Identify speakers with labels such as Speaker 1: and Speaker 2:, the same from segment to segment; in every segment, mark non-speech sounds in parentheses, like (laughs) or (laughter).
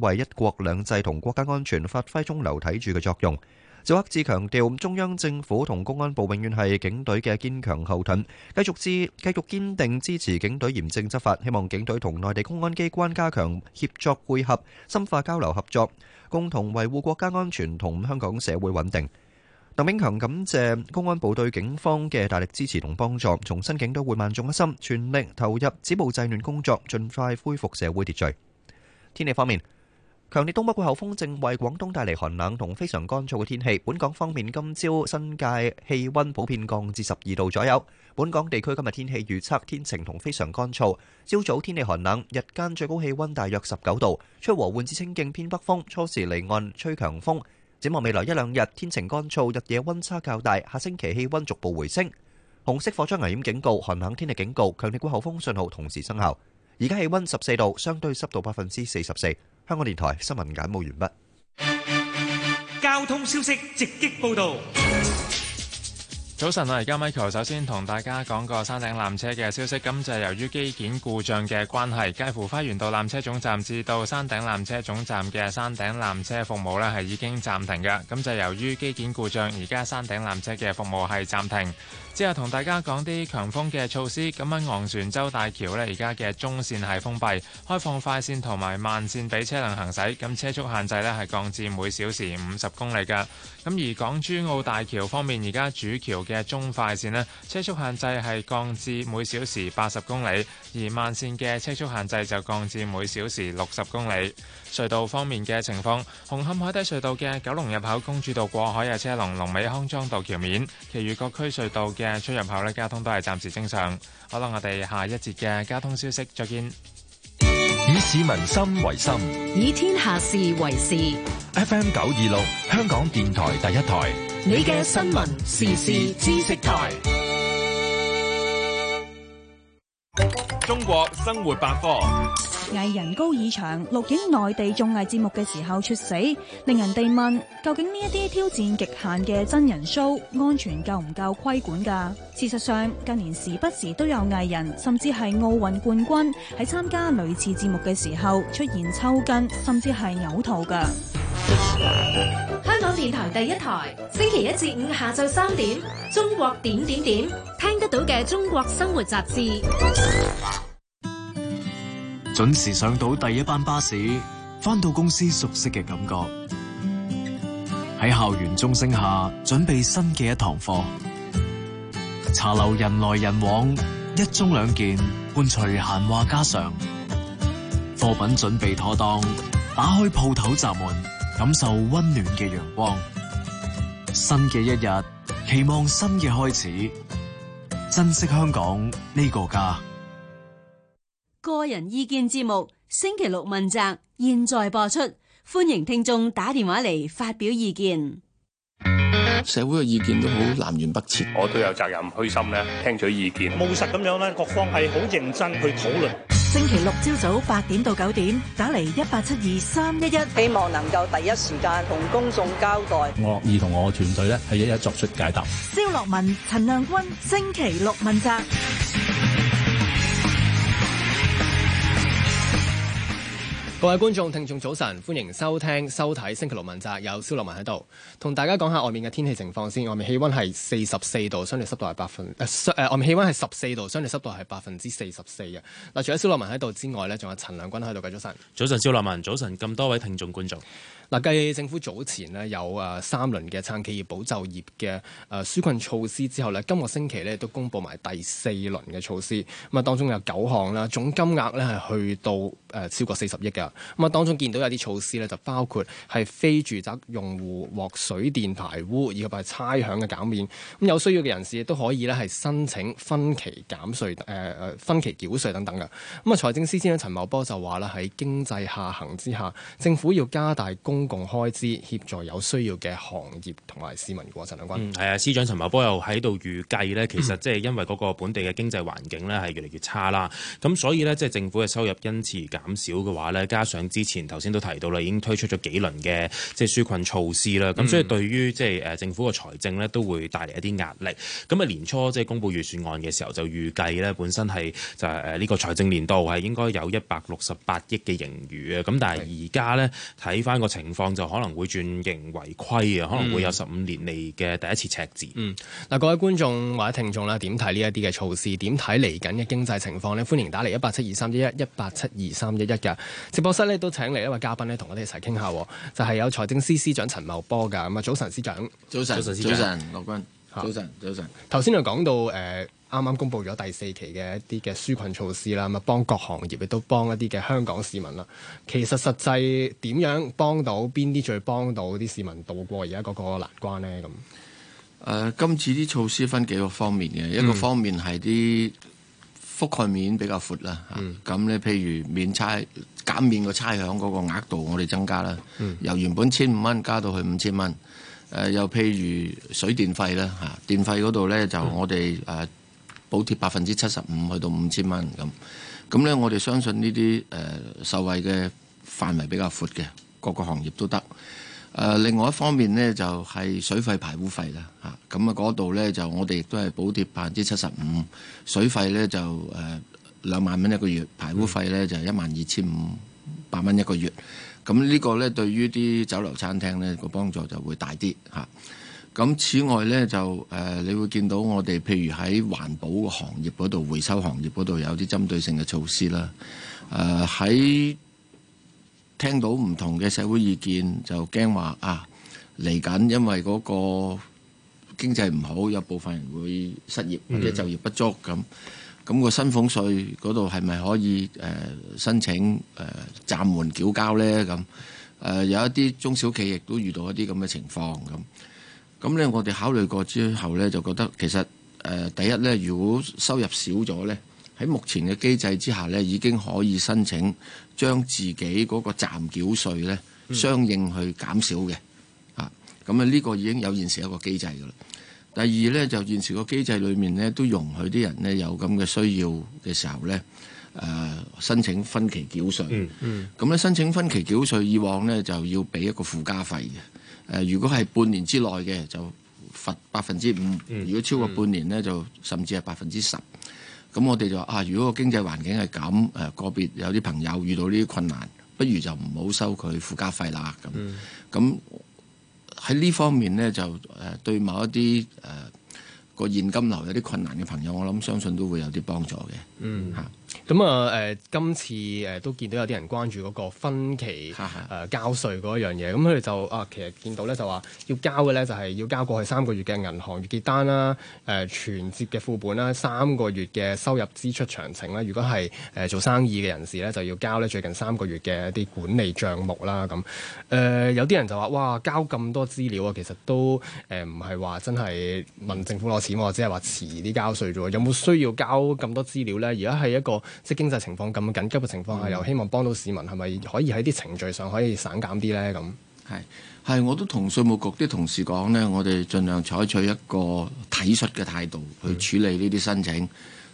Speaker 1: 為一國兩制同國家安全發揮中流砥柱嘅作用，趙克志強調中央政府同公安部永遠係警隊嘅堅強後盾，繼續支繼續堅定支持警隊嚴正執法。希望警隊同內地公安機關加強協作配合，深化交流合作，共同維護國家安全同香港社會穩定。鄧炳強感謝公安部對警方嘅大力支持同幫助，重申警隊會萬眾一心，全力投入止暴制亂工作，盡快恢復社會秩序。天氣方面。強烈東北季候風正為廣東帶嚟寒冷同非常乾燥嘅天氣。本港方面，今朝新界氣溫普遍降至十二度左右。本港地區今日天氣預測，天晴同非常乾燥，朝早天氣寒冷，日間最高氣溫大約十九度，吹和緩至清勁偏北風，初時離岸吹強風。展望未來一兩日，天晴乾燥，日夜溫差較大。下星期氣溫逐步回升。紅色火災危險警告、寒冷天氣警告、強烈季候風信號同時生效。而家氣溫十四度，相對濕度百分之四十四。香港電台新聞簡報完畢。
Speaker 2: 交通消息直擊報道。
Speaker 3: 早晨來加 Michael，首先，同大家講個山頂纜車嘅消息，由於機件故障嘅關係，介乎花園道纜車總站至到山頂纜車總站嘅山頂纜車服務呢係已經暫停嘅。噉就係由於機件故障，而家山頂纜車嘅服務係暫停。之後同大家講啲強風嘅措施，咁喺昂船洲大橋呢，而家嘅中線係封閉，開放快線同埋慢線俾車輛行駛，咁車速限制呢係降至每小時五十公里㗎。咁而港珠澳大橋方面，而家主橋嘅中快線呢，車速限制係降至每小時八十公里，而慢線嘅車速限制就降至每小時六十公里。隧道方面嘅情況，紅磡海底隧道嘅九龍入口公主道過海有車龍，龍尾康莊道橋面，其餘各區隧道嘅出入口呢，交通都係暫時正常。好啦，我哋下一節嘅交通消息再見。以市民心為心，嗯、以天下事為事。FM 九二六，香港電台第一台，你嘅
Speaker 1: 新聞時事知識台，
Speaker 3: 中國生活百科。
Speaker 1: 藝人高以翔錄影內地綜藝節目嘅時候猝死，令人哋問究竟呢一啲挑戰極限嘅真人 show 安全夠唔夠規管㗎？事實上，近年時不時都有藝人，甚至係奧運冠軍喺參加類似節目嘅時候出現抽筋，甚至係嘔吐㗎。
Speaker 2: 香
Speaker 1: 港電台第一台，星期一至五下晝三點，中國點點點，聽得到嘅中國生活雜誌。
Speaker 3: 準時上到第一班巴士，返到
Speaker 4: 公司熟悉嘅感覺。喺校園鐘聲下，準備新嘅一堂課。茶樓人來人往，一盅兩件，伴隨閒話家常。貨品準備妥當，打開鋪頭閘門，感受温暖嘅陽光。新嘅一日，
Speaker 2: 期望新嘅開始，珍惜香港呢個家。
Speaker 1: 個人意見節目星期六問責，現在播出，歡迎聽眾打電話嚟發表意見。
Speaker 5: 社會嘅意見都好南轅北轍，我都有責任虛心咧聽取意見，務實咁樣咧，各方係好
Speaker 2: 認真去討論。
Speaker 1: 星期六朝早八點到九點，打嚟一八七二三一一，希望能夠第一時間同公眾交代。
Speaker 2: 我樂意同我嘅團隊咧，係一一作出解答。
Speaker 1: 蕭洛汶、
Speaker 3: 陳亮均，星期六問責。
Speaker 4: 各位觀眾、聽眾早晨，歡迎收聽、收睇星《星期六問責》。有蕭洛汶喺度同大家講下外面嘅天氣情況先。外面氣溫係四十四度，相對濕度係百分誒，外、呃、誒，外面氣溫係十四度，相對濕度係百分之四十四嘅。嗱、呃，除咗蕭洛汶喺度之外呢，仲有陳亮均喺度。早早晨，早晨，蕭洛汶，早晨，咁多位聽眾觀眾。嗱，繼政府早前咧有啊三輪嘅撐企業保就業嘅誒紓困措施之後咧，今個星期咧都公布埋第四輪嘅措施，咁啊當中有九項啦，總金額咧係去到誒超過四十億嘅。咁啊當中見到有啲措施咧就包括係非住宅用戶獲水電排污，以及係差餉嘅減免。咁有需要嘅人士亦都可以咧係申請分期減稅誒誒、呃、分期繳稅等等嘅。咁啊財政司司長陳茂波就話啦，喺經濟下行之下，政府要加大公公共開支協助有需要嘅行業同埋市民嘅話，陳亮均，
Speaker 6: 啊、嗯，司長陳茂波又喺度預計呢，其實即係因為嗰個本地嘅經濟環境呢，係越嚟越差啦，咁所以呢，即係政府嘅收入因此而減少嘅話呢，加上之前頭先都提到啦，已經推出咗幾輪嘅即係紓困措施啦，咁所以對於即係誒政府嘅財政呢，都會帶嚟一啲壓力。咁啊年初即係公布預算案嘅時候就預計呢，本身係就係、是、呢個財政年度係應該有一百六十八億嘅盈餘啊，咁但係而家呢，睇翻個情情況就可能會轉盈為虧嘅，可能會有十五年嚟嘅第一次赤字。
Speaker 4: 嗯，嗱、嗯，各位觀眾或者聽眾咧，點睇呢一啲嘅措施？點睇嚟緊嘅經濟情況呢？歡迎打嚟一八七二三一一一八七二三一一嘅直播室呢，都請嚟一位嘉賓呢，同我哋一齊傾下。就係、是、有財政司司長陳茂波噶。咁啊，早晨，司長，好早晨，早晨，早晨，
Speaker 5: 洛、呃、汶，早晨，早晨。
Speaker 4: 頭先就講到誒。啱啱公布咗第四期嘅一啲嘅紓困措施啦，咁啊幫各行業亦都幫一啲嘅香港市民啦。其實實際點樣幫到邊啲最幫到啲市民渡過而家嗰個難關咧？咁誒、
Speaker 5: 呃，今次啲措施分幾個方面嘅，一個方面係啲覆蓋面比較闊啦。咁咧、嗯啊，譬如免差減免個差餉嗰個額度，我哋增加啦，嗯、由原本千五蚊加到去五千蚊。誒、呃，又譬如水電費啦，吓、啊、電費嗰度咧就我哋誒。嗯補貼百分之七十五去到五千蚊咁，咁呢我哋相信呢啲誒受惠嘅範圍比較闊嘅，各個行業都得。誒、呃、另外一方面呢，就係、是、水費排污費啦嚇，咁啊嗰度呢，就我哋亦都係補貼百分之七十五，水費呢，就誒兩萬蚊一個月，排污費呢，就一萬二千五百蚊一個月。咁、啊、呢個呢，對於啲酒樓餐廳呢個幫助就會大啲嚇。啊咁此外呢，就誒、呃，你會見到我哋，譬如喺環保行業嗰度、回收行業嗰度有啲針對性嘅措施啦。誒、呃，喺聽到唔同嘅社會意見，就驚話啊嚟緊，因為嗰個經濟唔好，有部分人會失業或者就業不足咁。咁、嗯，那個薪俸稅嗰度係咪可以誒、呃、申請誒、呃、暫緩繳交呢？咁誒、呃、有一啲中小企業都遇到一啲咁嘅情況咁。咁咧，我哋考慮過之後咧，就覺得其實誒、呃、第一咧，如果收入少咗咧，喺目前嘅機制之下咧，已經可以申請將自己嗰個暫繳稅咧相應去減少嘅，啊，咁啊呢個已經有現時一個機制噶啦。第二咧，就現時個機制裏面咧都容許啲人咧有咁嘅需要嘅時候咧，誒、呃、申請分期繳稅，咁咧、嗯嗯、申請分期繳稅，以往呢，就要俾一個附加費嘅。誒、呃，如果係半年之內嘅，就罰百分之五；嗯、如果超過半年呢，嗯、就甚至係百分之十。咁我哋就啊，如果個經濟環境係咁，誒、呃、個別有啲朋友遇到呢啲困難，不如就唔好收佢附加費啦。咁咁喺呢方面呢，就誒對某一啲誒個現金流有啲困難嘅朋友，我諗相信都會有啲幫助嘅。
Speaker 7: 嗯，
Speaker 4: 嚇、啊。咁啊誒，今次誒、呃、都見到有啲人關注嗰個分期誒、呃、交稅嗰一樣嘢，咁佢哋就啊、呃，其實見到咧就話要交嘅咧就係、是、要交過去三個月嘅銀行月結單啦、啊、誒存摺嘅副本啦、啊、三個月嘅收入支出詳情啦。如果係誒、呃、做生意嘅人士咧，就要交呢最近三個月嘅一啲管理帳目啦。咁、嗯、誒、呃、有啲人就話：哇，交咁多資料啊，其實都誒唔係話真係問政府攞錢我、啊、只係話遲啲交稅啫喎。有冇需要交咁多資料咧？而家係一個。即係經濟情況咁緊急嘅情況下，又希望幫到市民，係咪可以喺啲程序上可以省
Speaker 5: 減啲呢？咁係係，我都同稅務局啲同事講呢，我哋盡量採取一個體恤嘅態度去處理呢啲申請，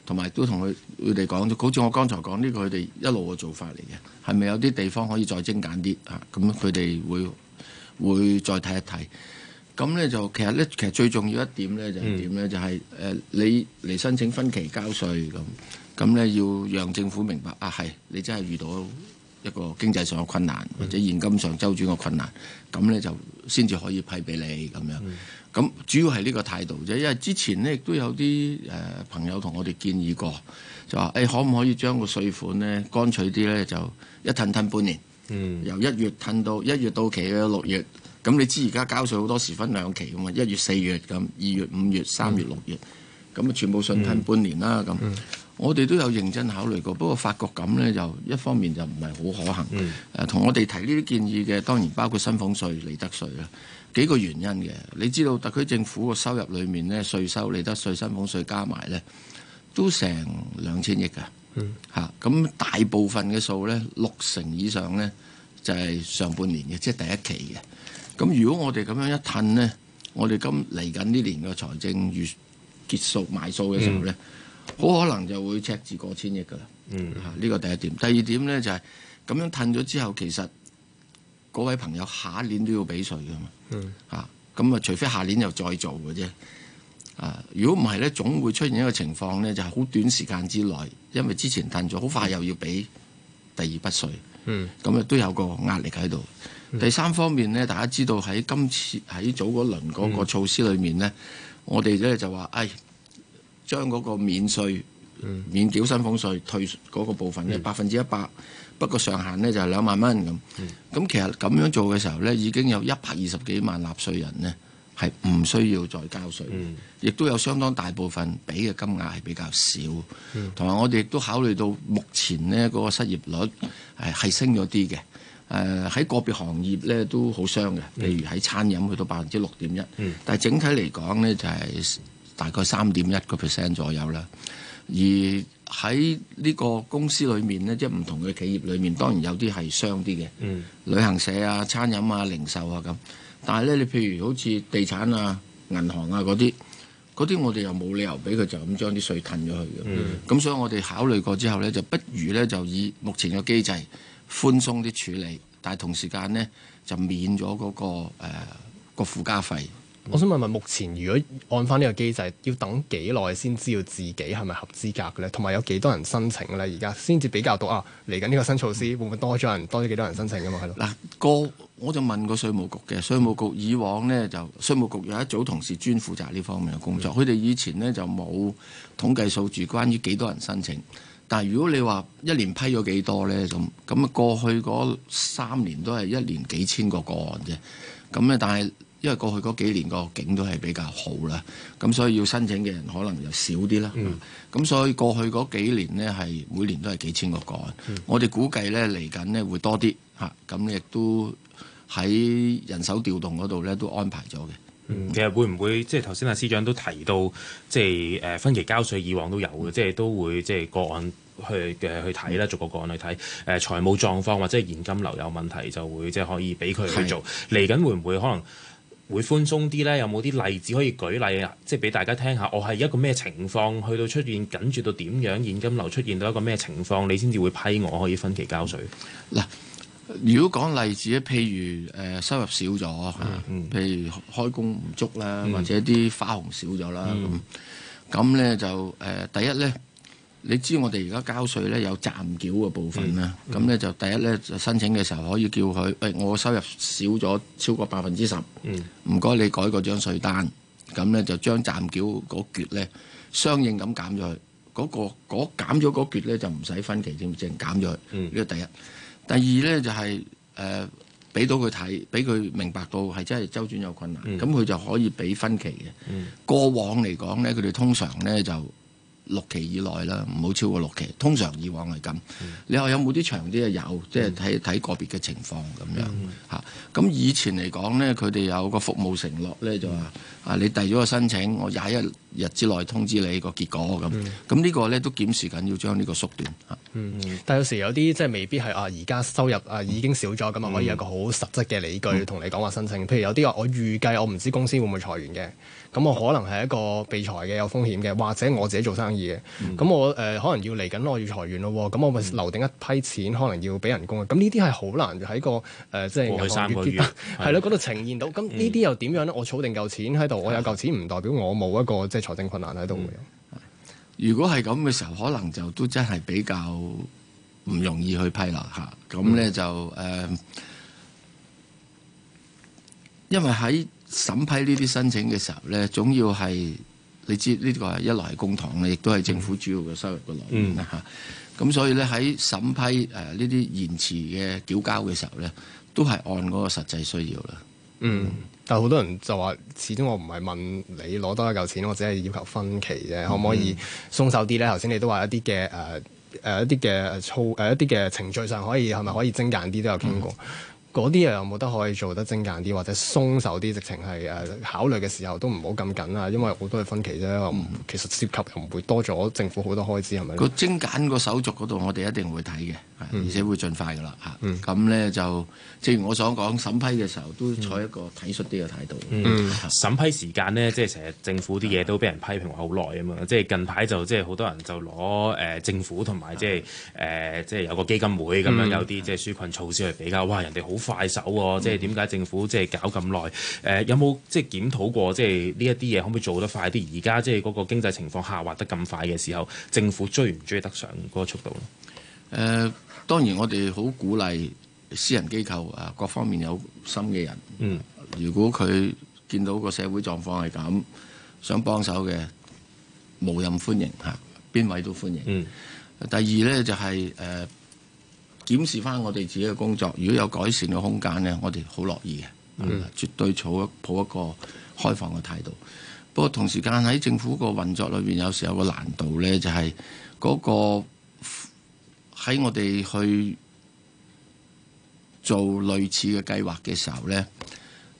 Speaker 5: 同埋、嗯、都同佢佢哋講咗，好似我剛才講呢、呢個，佢哋一路嘅做法嚟嘅，係咪有啲地方可以再精簡啲啊？咁佢哋會會再睇一睇。咁呢就其實呢，其實最重要一點呢，嗯、就係點呢？就係誒，你嚟申請分期交稅咁。咁咧要讓政府明白啊，係你真係遇到一個經濟上嘅困難，或者現金上周轉嘅困難，咁咧就先至可以批俾你咁樣。咁、嗯、主要係呢個態度啫，因為之前咧亦都有啲誒、呃、朋友同我哋建議過，就話誒、欸、可唔可以將個稅款咧乾脆啲咧，就一褪褪半年，嗯、由一月褪到一月到期嘅六月。咁你知而家交稅好多時分兩期嘅嘛，一月四月咁，二月五月、三月六月，咁、嗯、全部順褪半年啦咁。嗯嗯。我哋都有認真考慮過，不過發覺咁呢，就一方面就唔係好可行。誒、嗯，同、啊、我哋提呢啲建議嘅，當然包括薪俸稅、利得稅啦。幾個原因嘅，你知道特區政府個收入裏面呢，稅收、利得稅、薪俸稅加埋呢，都成兩千億嘅。嚇、嗯，咁、啊、大部分嘅數呢，六成以上呢，就係、是、上半年嘅，即係第一期嘅。咁如果我哋咁樣一褪呢，我哋今嚟緊呢年嘅財政月結束埋數嘅時候呢。嗯好可能就會赤字過千億噶啦。嚇呢、嗯、啊，呢個第一點。第二點呢就係、是、咁樣褪咗之後，其實各位朋友下一年都要俾稅噶嘛。嚇咁、嗯、啊，除非下年又再做嘅啫。啊，如果唔係呢，總會出現一個情況呢，就係、是、好短時間之內，因為之前褪咗，好快又要俾第二筆稅，嗯，咁啊都有個壓力喺度。嗯、第三方面呢，大家知道喺今次喺早嗰輪嗰個措施裡面呢，嗯、我哋咧就話，哎。將嗰個免稅、嗯、免繳薪俸稅退嗰個部分咧，百分之一百，嗯、不過上限呢就係、是、兩萬蚊咁。咁、嗯、其實咁樣做嘅時候呢，已經有一百二十幾萬納稅人呢係唔需要再交稅，亦、嗯、都有相當大部分俾嘅金額係比較少。同埋、嗯、我哋亦都考慮到目前呢嗰、那個失業率係升咗啲嘅。誒、呃、喺個別行業呢都好傷嘅，譬如喺餐飲去到百分之六點一，嗯、但係整體嚟講呢，就係、是。大概三點一個 percent 左右啦，而喺呢個公司裏面呢，即係唔同嘅企業裏面，當然有啲係傷啲嘅，嗯、旅行社啊、餐飲啊、零售啊咁，但係呢，你譬如好似地產啊、銀行啊嗰啲，嗰啲我哋又冇理由俾佢就咁將啲稅褪咗去嘅，咁、嗯、所以我哋考慮過之後呢，就不如呢就以目前嘅機制寬鬆啲處理，但係同時間呢，就免咗嗰、嗰個誒、呃、個附加費。我想問問，目前如果
Speaker 4: 按翻呢個機制，要等幾耐先知道自己係咪合資格嘅咧？同埋有幾多人申請咧？而家
Speaker 5: 先至比較到啊！嚟緊呢個新措
Speaker 4: 施會唔會多咗人，多咗幾多人申請噶嘛？係咯？嗱，
Speaker 5: 個我就問過稅務局嘅，稅務局以往咧就稅務局有一組同事專負責呢方面嘅工作，佢哋的以前咧就冇統計數字關於幾多人申請。但係如果你話一年批咗幾多咧咁咁啊？過去嗰三年都係一年幾千個個案啫。咁咧，但係。因為過去嗰幾年個景都係比較好啦，咁所以要申請嘅人可能又少啲啦。咁、嗯、所以過去嗰幾年呢，係每年都係幾千個個案。嗯、我哋估計呢，嚟緊呢會多啲嚇。咁亦都喺人手調動嗰度呢，都安排咗嘅、嗯。
Speaker 6: 其實會唔會即係頭先阿司長都提到，即係誒分期交稅，以往都有嘅、嗯，即係都會即係個案去嘅去睇啦，逐個個案去睇誒財務狀況或者係現金流有問題，就會即係可以俾佢去做，嚟緊是會唔會可能？會寬鬆啲咧，有冇啲例子可以舉例啊？即係俾大家聽下，我係一個咩情況，去到出現緊住到點樣，現金流出現到一個
Speaker 5: 咩情況，你先至會批我可以分期交稅。嗱，如果講例子咧，譬如誒收入少咗，嗯嗯、譬如開工唔足啦，或者啲花紅少咗啦，咁咁咧就誒、呃、第一咧。你知我哋而家交稅咧有暫繳嘅部分啦，咁咧、嗯、就第一咧就申請嘅時候可以叫佢，誒、哎、我收入少咗超過百分之十，
Speaker 7: 唔
Speaker 5: 該、嗯、你改嗰張稅單，咁咧就將暫繳嗰橛咧相應咁減咗佢，嗰、那個嗰減咗嗰橛咧就唔使分期添，即係減咗佢呢個第一。第二咧就係誒俾到佢睇，俾、呃、佢明白到係真係周轉有困難，咁佢、嗯、就可以俾分期嘅。嗯、過往嚟講咧，佢哋通常咧就六期以內啦，唔好超過六期。通常以往係咁。嗯、你話有冇啲長啲啊？有，即係睇睇個別嘅情況咁樣嚇。咁、嗯、以前嚟講咧，佢哋有個服務承諾咧，就話、係、啊，嗯、你遞咗個申請，我廿一日之內通知你個結果咁。咁、嗯、呢個咧都檢視緊，要將呢個縮短嚇、
Speaker 4: 嗯嗯。但有時有啲即係未必係啊，而家收入啊已經少咗咁啊，嗯、可以有個好實質嘅理據同、嗯嗯、你講話申請。譬如有啲話，我預計我唔知公司會唔會裁員嘅。咁我可能係一個被裁嘅有風險嘅，或者我自己做生意嘅。咁、嗯、我誒、呃、可能要嚟緊我要裁員咯，咁、嗯、我咪留定一批錢，可能要俾人工啊。咁呢啲係好難喺個誒，即、呃、係、呃呃、三個月，係咯， (laughs) 嗰度呈現到。咁呢啲又點樣咧？我儲定夠錢喺度，我有夠錢唔代表我
Speaker 5: 冇一個即係財政困難喺度嘅。嗯、如果係咁嘅時候，可能就都真係比較唔容易去批落嚇。咁咧就誒、呃，因為喺。審批呢啲申請嘅時候咧，總要係你知呢個係一來係公帑咧，亦都係政府主要嘅收入嘅來源啦。咁所以咧喺審批誒呢啲延遲嘅繳交嘅時候咧，都係按嗰個實際需要啦。嗯，嗯但係好多人就話，始終我唔係問你攞
Speaker 4: 多一嚿錢，我只係要求分期啫，可唔、嗯、可以鬆手啲咧？頭先你都話一啲嘅誒誒一啲嘅操誒一啲嘅、呃、程序上可以係咪可以精簡啲都有傾過。嗯嗰啲又有冇得可以做得精簡啲，或者鬆手啲，直情係誒考慮嘅時候都唔好咁緊啊，因為好多嘅分歧啫，嗯、其實涉及又唔會多咗政府好多開支，係咪？個
Speaker 5: 精簡個手續嗰度，我哋一定會睇嘅，嗯、而且會盡快噶啦嚇。咁咧、嗯、就正如我想講，審批嘅時候都採一個體恤啲嘅態度。嗯嗯、審批時間呢，即係成日政
Speaker 6: 府啲嘢都俾人批評好耐啊嘛，即係近排就即係好多人就攞誒政府同埋即係誒、呃、即係有個基金會咁樣有啲即係紓困措施嚟比較，哇！人哋好。快手喎，即係點解政府即係搞咁耐？誒、嗯，有冇即係檢討過即係呢一啲嘢可唔可以做得快啲？而家即係嗰個經濟情況下滑得咁快嘅時候，政府追唔追得上嗰個速
Speaker 5: 度咧？誒、呃，當然我哋好鼓勵私人機構啊，各方面有心嘅人。嗯，如果佢見到個社會狀況係咁，想幫手嘅無任歡迎嚇，邊位都歡迎。嗯、第二呢，就係、係、誒。呃檢視翻我哋自己嘅工作，如果有改善嘅空間呢，我哋好樂意嘅，mm hmm. 絕對抱一個開放嘅態度。不過同時間喺政府個運作裏面，有時候有個難度呢，就係嗰個喺我哋去做類似嘅計劃嘅時候呢。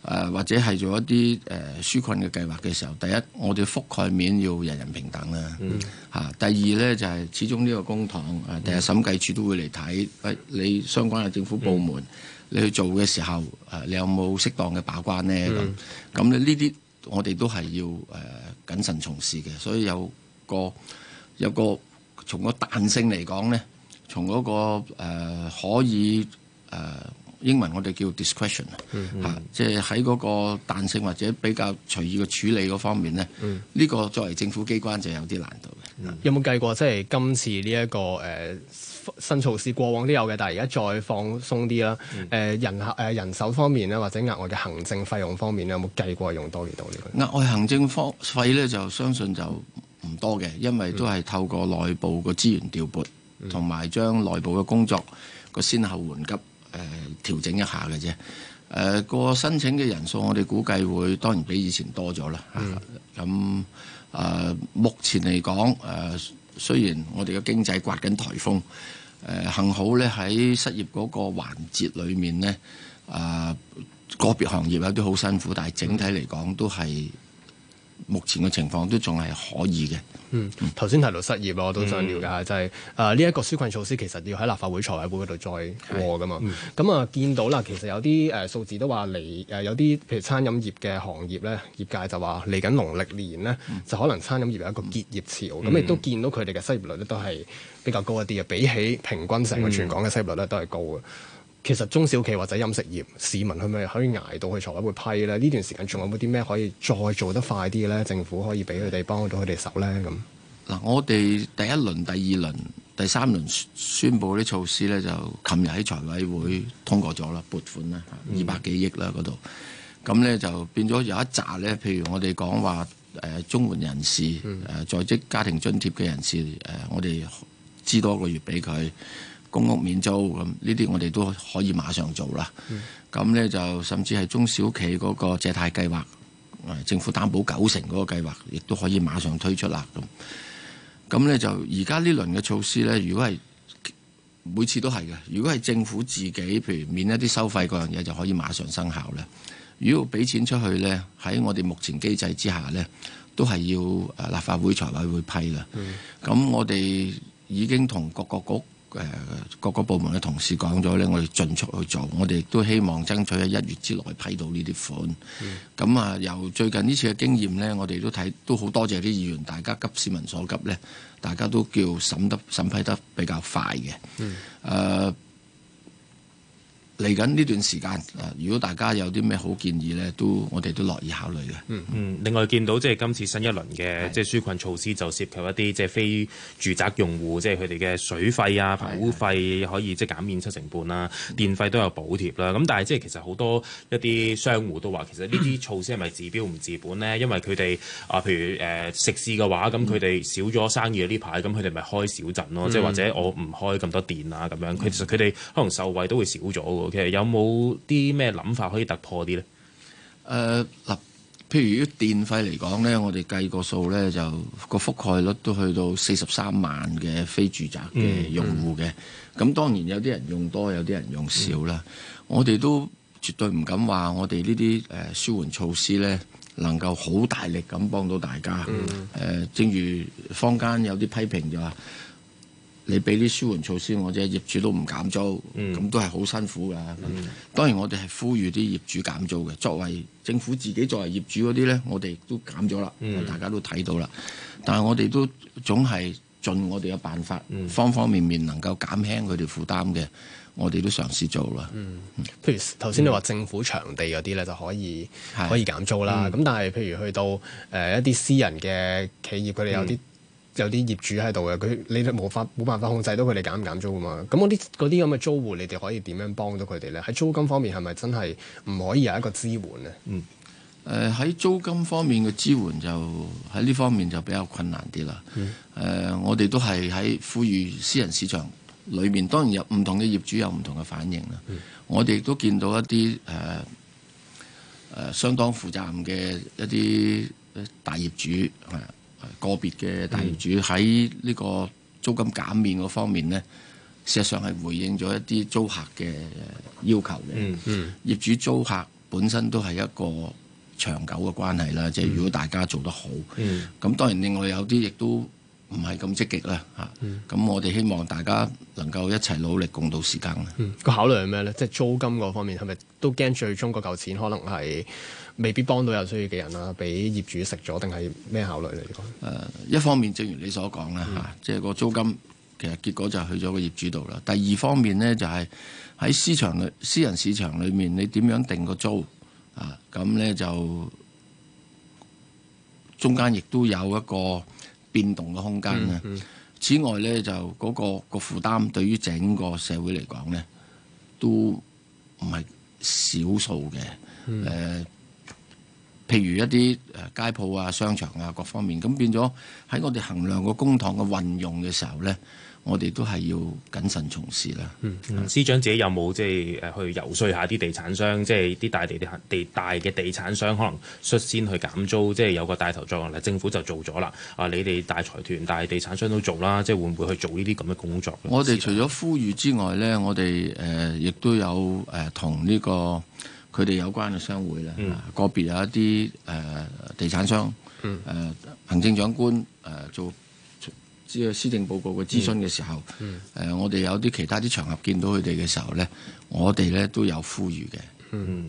Speaker 5: 誒或者係做一啲誒紓困嘅計劃嘅時候，第一我哋覆蓋面要人人平等啦嚇。嗯、第二呢，就係、是、始終呢個公帑誒，第日審計處都會嚟睇、嗯，你相關嘅政府部門你去做嘅時候，誒、呃、你有冇適當嘅把關呢？咁咁呢啲我哋都係要誒、呃、謹慎從事嘅，所以有個有個從個彈性嚟講呢，從嗰、那個、呃、可以誒。呃英文我哋叫 discretion 啊、
Speaker 7: 嗯，嗯、
Speaker 5: 即係喺嗰個彈性或者比較隨意嘅處理嗰方面呢，呢、嗯、個作為政府機關就有啲難度嘅。嗯嗯、有冇計過即係今次呢、這、一個誒、呃、
Speaker 4: 新措施，過往都有嘅，但係而家再放鬆啲啦。誒、嗯呃、人客誒、呃、人手
Speaker 5: 方面呢，或者額外嘅行政費用方面呢，有冇計過用多幾多呢？額外、呃、行政方費呢，就相信就唔多嘅，因為都係透過內部個資源調撥，同埋將內部嘅工作個先後緩急。誒、呃、調整一下嘅啫，誒、呃、個申請嘅人數我哋估計會當然比以前多咗啦。咁誒、嗯啊呃、目前嚟講誒，雖然我哋嘅經濟刮緊颱風、呃，幸好呢喺失業嗰個環節裏面呢，啊、呃、個別行業有啲好辛苦，但係整體嚟講都係。嗯目前嘅情況都仲係可以嘅。嗯，頭先提到
Speaker 4: 失業，我都想了解下，嗯、就係誒呢一個紓困措施，其實要喺立法會財委會嗰度再過噶嘛。咁、嗯、啊，見到啦，其實有啲誒數字都話嚟誒有啲，譬如餐飲業嘅行業咧，業界就話嚟緊農曆年咧，嗯、就可能餐飲業有一個結業潮。咁亦都見到佢哋嘅失業率咧，都係比較高一啲嘅，嗯、比起平均成個全港嘅失業率咧，都係高嘅。其實中小企或者飲食業市民，係咪可以捱到去財委會批咧？呢段時間仲有冇啲咩可以再做得快啲咧？政府
Speaker 5: 可以俾佢哋幫到佢哋手咧？咁嗱、嗯，我哋第一輪、第二輪、第三輪宣佈啲措施咧，就琴日喺財委會通過咗啦，撥款啦，二百幾億啦嗰度。咁咧就變咗有一紮咧，譬如我哋講話誒綜援人士誒在職家庭津貼嘅人士誒、呃，我哋支多一個月俾佢。公屋免租咁呢啲，我哋都可以馬上做啦。咁呢就甚至係中小企嗰個借貸計劃，政府擔保九成嗰個計劃，亦都可以馬上推出啦。咁咁呢就而家呢輪嘅措施呢，如果係每次都係嘅，如果係政府自己，譬如免一啲收費嗰樣嘢，就可以馬上生效啦，如果俾錢出去呢，喺我哋目前機制之下呢，都係要立法會財委會批嘅。咁、嗯、我哋已經同各個局。誒，各個部門嘅同事講咗咧，我哋盡速去做，我哋亦都希望爭取喺一月之內批到呢啲款。咁啊、嗯，由最近呢次嘅經驗咧，我哋都睇都好多謝啲議員，大家急市民所急咧，大家都叫審得審批得比較快嘅。誒、嗯。呃嚟緊呢段時間，啊，如果大家有啲咩好建議咧，都我哋都樂意考慮嘅。嗯
Speaker 6: 嗯，另外見到即係今次新一輪嘅即係紓困措施，就涉及一啲即係非住宅用戶，即係佢哋嘅水費啊、排污費可以即係減免七成半啦，嗯、電費都有補貼啦。咁但係即係其實好多一啲商戶都話，其實呢啲措施係咪治標唔治本咧？因為佢哋啊，譬如誒、呃、食肆嘅話，咁佢哋少咗生意呢排，咁佢哋咪開少陣咯，即係、嗯、或者我唔開咁多電啊咁樣。其實佢哋可能受惠都會少咗。其實有冇啲咩諗
Speaker 5: 法可以突破啲咧？誒嗱、呃，譬如電費嚟講咧，我哋計個數咧，就個覆蓋率都去到四十三萬嘅非住宅嘅用戶嘅。咁、嗯嗯、當然有啲人用多，有啲人用少啦。嗯、我哋都絕對唔敢話，我哋呢啲誒舒緩措施咧，能夠好大力咁幫到大家。誒、嗯呃，正如坊間有啲批評就話。你俾啲舒緩措施我啫，業主都唔減租，咁、嗯、都係好辛苦噶。嗯、當然我哋係呼籲啲業主減租嘅。作為政府自己作為業主嗰啲呢，我哋都減咗啦，嗯、大家都睇到啦。但係我哋都總係盡我哋嘅辦法，嗯、方方面面能夠減輕佢哋負擔嘅，我哋都嘗試做啦。譬、嗯嗯、如頭先你話政
Speaker 4: 府場地嗰啲呢，就可以的可以減租啦。咁、嗯、但係譬如去到誒一啲私人嘅企業，佢哋有啲。有啲業主喺度嘅，佢你都無法冇辦法控制到佢哋減唔減租噶嘛？咁嗰啲嗰啲咁嘅租戶，你哋可以點樣幫到佢哋咧？喺租金方面，係咪真係
Speaker 5: 唔可以有一個支援咧？嗯，誒喺、呃、租金方面嘅支援就喺呢方面就比較困難啲啦。誒、嗯呃，我哋都係喺呼籲私人市場裏面，當然有唔同嘅業主有唔同嘅反應啦。嗯、我哋都見到一啲誒誒相當負責任嘅一啲大業主係。個別嘅大業主喺呢、嗯、個租金減免嗰方面呢，事實上係回應咗一啲租客嘅要求嘅、嗯。嗯嗯，業主租客本身都係一個長久嘅關係啦，即、就、係、是、如果大家做得好，咁、嗯、當然另外有啲亦都唔係咁積極啦吓，咁、嗯、我哋希望大家能夠一齊努力共度時間。嗯，個考慮係咩
Speaker 4: 呢？即係租金嗰方面係咪都驚最終嗰嚿錢可能係？未必幫到有需要嘅人啦，俾業主食咗定係咩
Speaker 5: 考慮嚟、呃？一方面正如你所講啦，嚇、嗯，即係個租金其實結果就去咗個業主度啦。第二方面呢，就係喺市場裏私人市場裏面，你點樣定個租啊？咁呢就中間亦都有一個變動嘅空間嘅。嗯嗯、此外呢，就嗰、嗰個、嗰個負擔對於整個社會嚟講呢，都唔係少數嘅誒。嗯呃譬如一啲誒街鋪啊、商場啊各方面，咁變咗喺我哋衡量個公帑嘅運用嘅時候咧，我哋都係要謹慎從事啦、嗯。嗯，
Speaker 6: 司長自己有冇即係誒去遊說下啲地產商，即係啲大地地大嘅地產商，可能率先去減租，即係有個帶頭作用。嗱，政府就做咗啦。啊，你哋大財團、大地產商都做啦，即係會唔會去做呢啲咁嘅工作？我
Speaker 5: 哋除咗呼籲之外咧，我哋誒亦都有誒同呢個。佢哋有關嘅商會咧，個別有一啲誒地產商、誒行政長官誒做即係施政報告嘅諮詢嘅時候，誒我哋有啲其他啲場合見到佢哋嘅時候咧，我哋咧都有呼籲嘅。
Speaker 4: 嗯，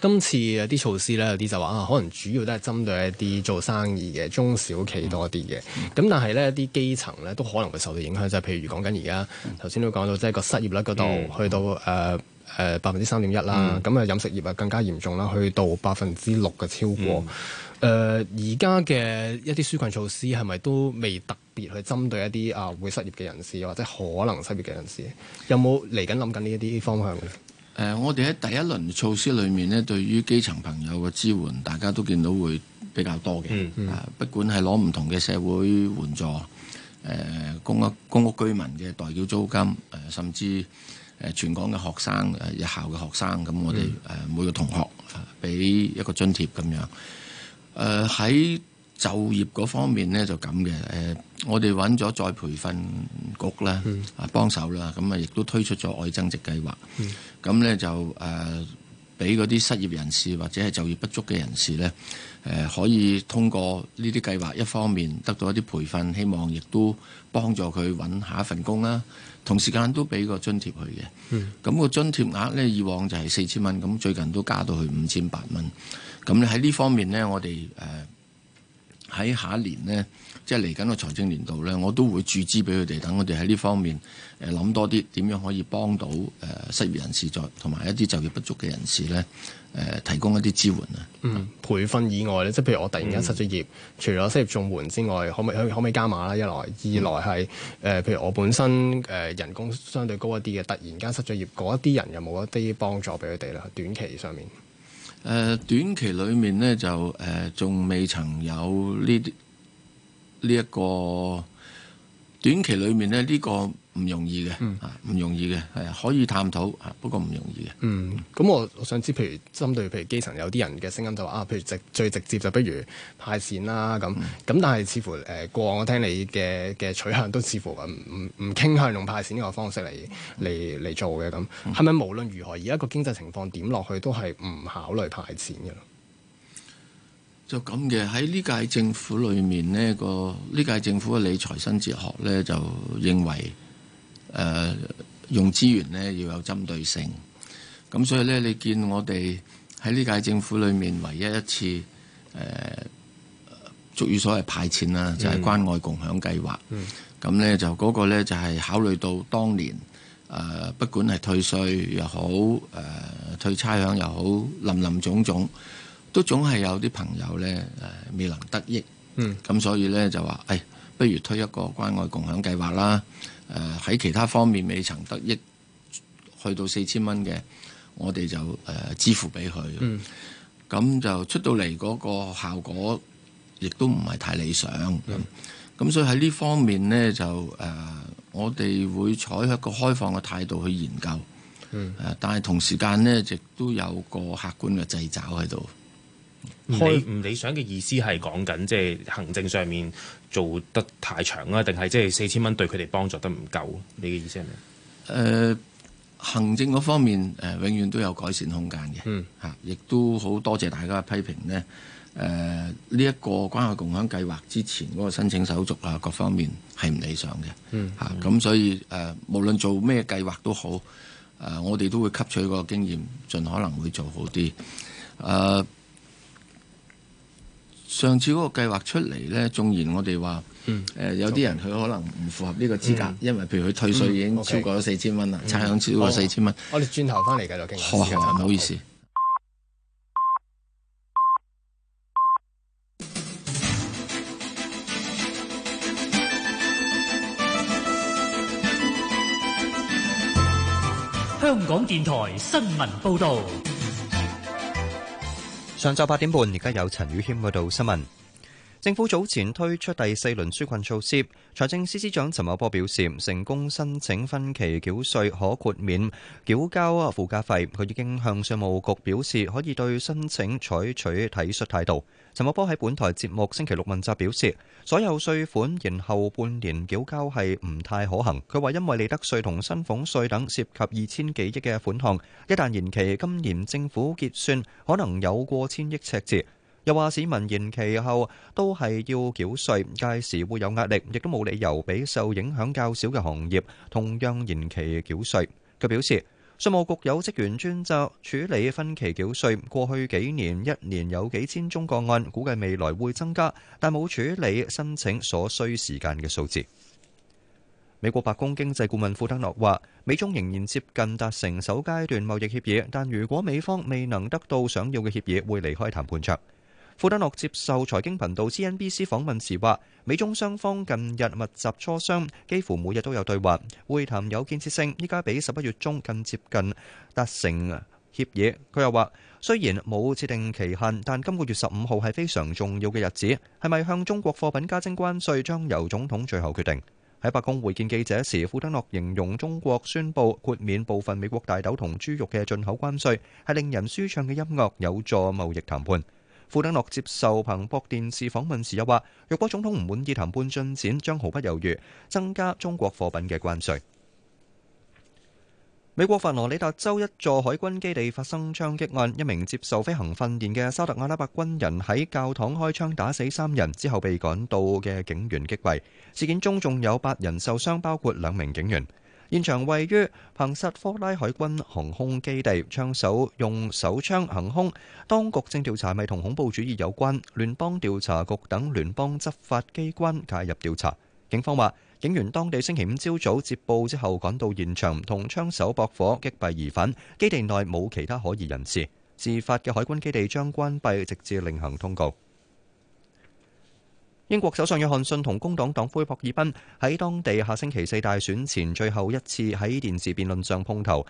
Speaker 4: 今次有啲措施咧，有啲就話啊，可能主要都係針對一啲做生意嘅中小企多啲嘅。咁但係咧，一啲基層咧都可能會受到影響，就係譬如講緊而家頭先都講到，即係個失業率嗰度去到誒。誒百分之三點一啦，咁啊、mm hmm. 飲食業啊更加嚴重啦，去到百分之六嘅超過。誒而家嘅一啲紓困措施係咪都未特別去針對一啲啊會失業嘅人士，或者可能失業嘅人士，有冇嚟緊諗緊呢一啲方向
Speaker 5: 咧？誒、呃，我哋喺第一輪措施裏面咧，對於基層朋友嘅支援，大家都見到會比較多嘅、mm hmm. 呃。不管係攞唔同嘅社會援助，誒、呃、公屋公屋居民嘅代繳租金，誒、呃、甚至。誒全港嘅學生，誒日校嘅學生，咁我哋誒每個同學俾一個津貼咁樣。誒、呃、喺就業嗰方面呢，就咁嘅。誒、呃、我哋揾咗再培訓局啦，啊、嗯、幫手啦。咁啊亦都推出咗愛增值計劃。咁咧、嗯、就誒俾嗰啲失業人士或者係就業不足嘅人士咧，誒、呃、可以通過呢啲計劃，一方面得到一啲培訓，希望亦都幫助佢揾下一份工啦。同時間都俾個津貼佢嘅，咁個、嗯、津貼額呢，以往就係四千蚊，咁最近都加到去五千八蚊。咁咧喺呢方面呢，我哋誒喺下一年呢，即係嚟緊個財政年度呢，我都會注資俾佢哋，等我哋喺呢方面誒諗、呃、多啲點樣可以幫到誒、呃、失業人士再同埋一啲就業不足嘅人士呢。誒、呃，提供一啲支援啊！嗯，培訓以外咧，即係譬如我突然間失咗業，嗯、除咗
Speaker 4: 失業綜援之外，可唔可可唔可以加碼啦？一來，二來係誒、呃，譬如我本身誒、呃、人工相對高一啲嘅，突然間失咗業，嗰一啲人有冇一啲幫助俾佢哋咧？短期上
Speaker 5: 面，誒、呃，短期裏面呢，就誒，仲、呃、未曾有呢啲呢一個短期裏面呢呢、這個。唔容易嘅，唔容易嘅，嗯、唔容易嘅，係可以探討，不過唔容易嘅。
Speaker 7: 嗯，
Speaker 5: 咁我我想知，譬如
Speaker 4: 針對譬如基層有啲人嘅聲音就話啊，譬如直最直接就不如派錢啦，咁咁，嗯、但係似乎誒、呃、過往我聽你嘅嘅取向都似乎唔唔傾向用派錢個方式嚟嚟嚟做嘅，咁係咪無論如何而家個經濟情況點落去都係唔考慮派錢嘅咯？
Speaker 5: 就咁嘅喺呢屆政府裏面呢個呢屆政府嘅理財新哲學咧就認為。誒、呃、用資源呢要有針對性，咁所以呢，你見我哋喺呢屆政府裏面唯一一次誒，足、呃、以所謂派錢啦，就係、是、關愛共享計劃。咁、嗯嗯、呢，就嗰個呢就係、是、考慮到當年誒、呃，不管係退稅又好誒、呃，退差餉又好，林林總總都總係有啲朋友呢誒、呃、未能得益。咁、嗯、所以呢，就話誒。哎不如推一個關愛共享計劃啦！誒、呃、喺其他方面未曾得益，去到四千蚊嘅，我哋就誒、呃、支付俾佢。咁、嗯、就出到嚟嗰個效果，亦都唔係太理想。咁、嗯、所以喺呢方面呢，就誒、呃、我哋會採一個開放嘅態度去研究。誒、嗯呃，但係同時間呢，亦都有個客觀嘅掣肘喺度。理
Speaker 6: 唔開理想嘅意思係講緊即係行政上面。做得太長啦，定係即係四千蚊對佢哋幫助得唔夠？你嘅意思係
Speaker 5: 咪？誒、呃，行政嗰方面誒、呃，永遠都有改善空間嘅，嗯嚇，亦、啊、都好多謝大家嘅批評呢誒，呢、呃、一、這個關愛共享計劃之前嗰個申請手續啊，各方面係唔理想嘅、嗯，嗯嚇，咁、啊、所以誒、呃，無論做咩計劃都好，誒、呃，我哋都會吸取個經驗，盡可能會做好啲，啊、呃。上次嗰個計劃出嚟咧，縱然我哋話，誒、嗯呃、有啲人佢可能唔符合呢個資格，嗯、因為譬如佢退稅已經超過咗四千蚊啦，差兩、嗯 okay，超過四千蚊。我哋轉頭翻嚟繼續傾，唔好意思。
Speaker 1: 香港電台新聞報道。上晝八點半，而家有陳宇謙嗰度新聞。政府早前推出第四輪紓困措施，財政司司長陳茂波表示，成功申請分期繳稅可豁免繳交附加費。佢已經向稅務局表示，可以對申請採取體恤態度。陳茂波喺本台節目星期六問責表示，所有稅款延後半年繳交係唔太可行。佢話因為利得稅同薪俸稅等涉及二千幾億嘅款項，一旦延期，今年政府結算可能有過千億赤字。又話市民延期後都係要繳稅，屆時會有壓力，亦都冇理由俾受影響較少嘅行業同樣延期繳稅。佢表示。稅務局有職員專責處理分期繳稅，過去幾年一年有幾千宗個案，估計未來會增加，但冇處理申請所需時間嘅數字。美國白宮經濟顧問庫德洛話，美中仍然接近達成首階段貿易協議，但如果美方未能得到想要嘅協議，會離開談判桌。庫德洛接受財經頻道 CNBC 訪問時話，美中雙方近日密集磋商，幾乎每日都有對話，會談有建設性，依家比十一月中更接近達成協議。佢又話，雖然冇設定期限，但今個月十五號係非常重要嘅日子，係咪向中國貨品加徵關稅，將由總統最後決定。喺白宮會見記者時，庫德洛形容中國宣佈豁免部分美國大豆同豬肉嘅進口關稅，係令人舒暢嘅音樂，有助貿易談判。富登洛接受彭博電視訪問時又話：若果總統唔滿意談判進展，將毫不猶豫增加中國貨品嘅關稅。美國佛羅里達州一座海軍基地發生槍擊案，一名接受飛行訓練嘅沙特阿拉伯軍人喺教堂開槍打死三人，之後被趕到嘅警員擊斃。事件中仲有八人受傷，包括兩名警員。現場位於彭薩科拉海軍航空基地，槍手用手槍行凶，當局正調查，咪同恐怖主義有關。聯邦調查局等聯邦執法機關介入調查。警方話，警員當地星期五朝早接報之後趕到現場，同槍手駁火擊斃疑犯。基地內冇其他可疑人士。事發嘅海軍基地將關閉，直至另行通告。英國首相約翰遜同工黨黨魁博爾賓喺當地下星期四大選前最後一次喺電視辯論上碰頭。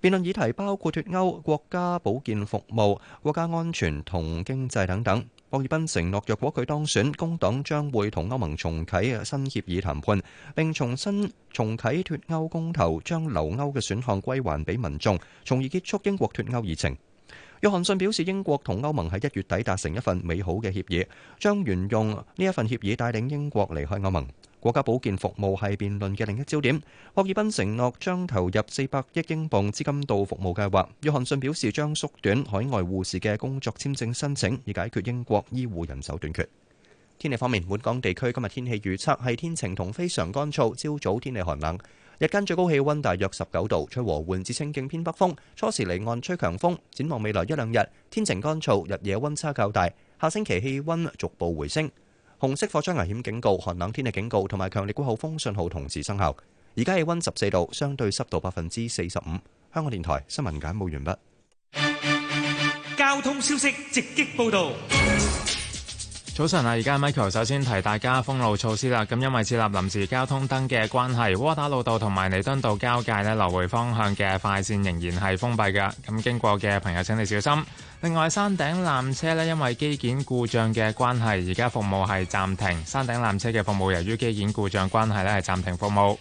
Speaker 1: 辯論議題包括脱歐、國家保健服務、國家安全同經濟等等。博爾賓承諾，若果佢當選，工黨將會同歐盟重啟新協議談判，並重新重啟脱歐公投，將留歐嘅選項歸還俾民眾，從而結束英國脱歐議程。約翰遜表示，英國同歐盟喺一月底達成一份美好嘅協議，將沿用呢一份協議帶領英國離開歐盟。國家保健服務係辯論嘅另一焦點。郝爾彬承諾將投入四百億英鎊資金到服務計劃。約翰遜表示，將縮短海外護士嘅工作簽證申請，以解決英國醫護人手短缺。天氣方面，本港地區今日天，天氣預測係天晴同非常乾燥，朝早天氣寒冷。日間最高氣溫大約十九度，吹和緩至清勁偏北風，初時離岸吹強風。展望未來一兩日，天晴乾燥，日夜溫差較大。下星期氣溫逐步回升。紅色火災危險警告，寒冷天氣警告同埋強烈季候風信號同時生效。而家氣溫十四度，相對濕度百分之四十五。香港電台新聞簡報完畢。
Speaker 2: 交通消息直擊報道。
Speaker 1: 早晨啊！而家 Michael 首先
Speaker 3: 提大家封路措施啦。咁因為設立臨時交通燈嘅關係，窩打老道同埋彌敦道交界咧，來回方向嘅快線仍然係封閉㗎。咁經過嘅朋友請你小心。另外，山頂纜車咧，因為機件故障嘅關係，而家服務係暫停。山頂纜車嘅服務由於機件故障關係咧，係暫停服務。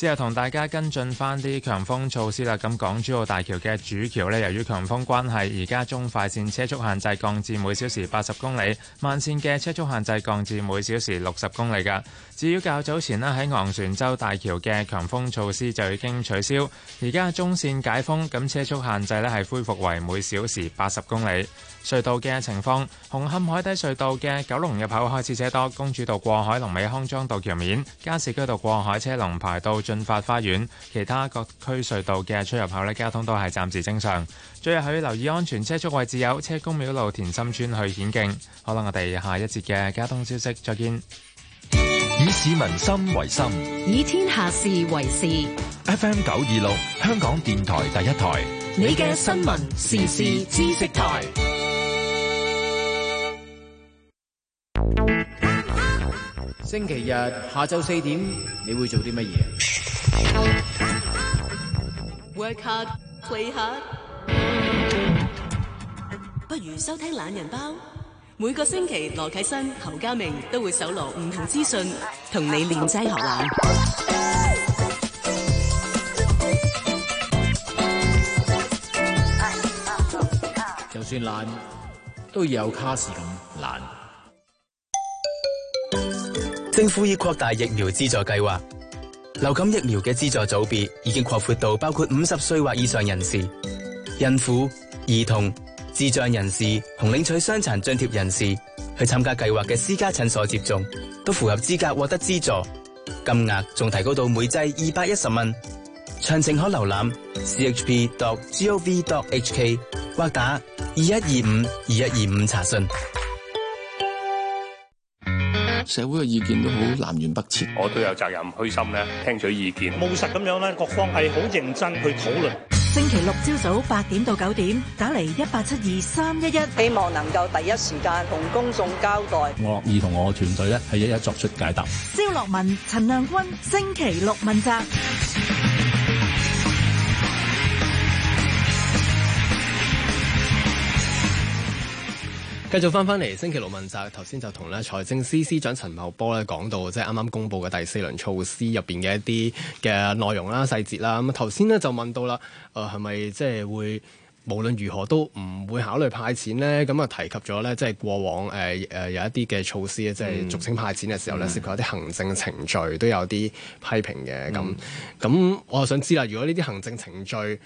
Speaker 3: 之後同大家跟進返啲強風措施啦，咁港珠澳大橋嘅主橋呢，由於強風關係，而家中快線車速限制降至每小時八十公里，慢線嘅車速限制降至每小時六十公里㗎。至於較早前呢，喺昂船洲大橋嘅強風措施就已經取消，而家中線解封，咁車速限制呢係恢復為每小時八十公里。隧道嘅情況，紅磡海底隧道嘅九龍入口開始車多，公主道過海龍尾康莊道橋面，加士居道過海車龍排到駿發花園，其他各區隧道嘅出入口咧，交通都係暫時正常。最後要留意安全車速位置，有車公廟路田心村去顯徑。好啦，我哋下一節嘅交通消息再見。以市民心為心，
Speaker 1: 以天下事為事。
Speaker 6: FM 九二六，香港電台第一台，
Speaker 1: 你嘅新聞時事知
Speaker 7: 識台。
Speaker 6: 星期日下晝四點，
Speaker 2: 你會做啲乜嘢
Speaker 1: ？Work hard, play hard。不如收聽懶人包。 (music) 每個星期，羅啟新、侯家明都會搜羅唔同資訊，同你練精學懶。
Speaker 5: (music) 就算懶，都有卡士咁懶。
Speaker 4: 政府已擴大疫苗資助計劃，流感疫苗嘅資助組別已經擴闊到包括五十歲或以上人士、孕婦、兒童。智障人士同領取傷殘津貼人士去參加計劃嘅私家診所接種，都符合資格獲得資助，金額仲提高到每劑二百一十蚊。詳情可瀏覽 c h p dot g o v dot h k 或打二一二五二一二五查詢。
Speaker 5: 社會嘅意見都好南轅北轍，我都有責任虛心咧聽取意見，務實咁樣咧，
Speaker 2: 各方係好認真去討論。
Speaker 1: 星期六朝早八點到九點，打嚟一八七二三一一，希望能夠第一時間同公眾交代。
Speaker 2: 我樂意同我，我，我個團隊咧，係一一作出解答。
Speaker 1: 蕭洛汶、陳亮均，星期六問責。
Speaker 4: 繼續返返嚟星期六問責，頭先就同咧財政司司長陳茂波咧講到，即係啱啱公布嘅第四輪措施入邊嘅一啲嘅內容啦、細節啦。咁啊頭先咧就問到啦，誒係咪即係會無論如何都唔會考慮派錢呢？咁啊提及咗咧，即係過往誒誒、呃、有一啲嘅措施即係俗稱派錢嘅時候咧，嗯、涉及一啲行政程序都有啲批評嘅。咁咁我啊想知啦，如果呢啲行政程序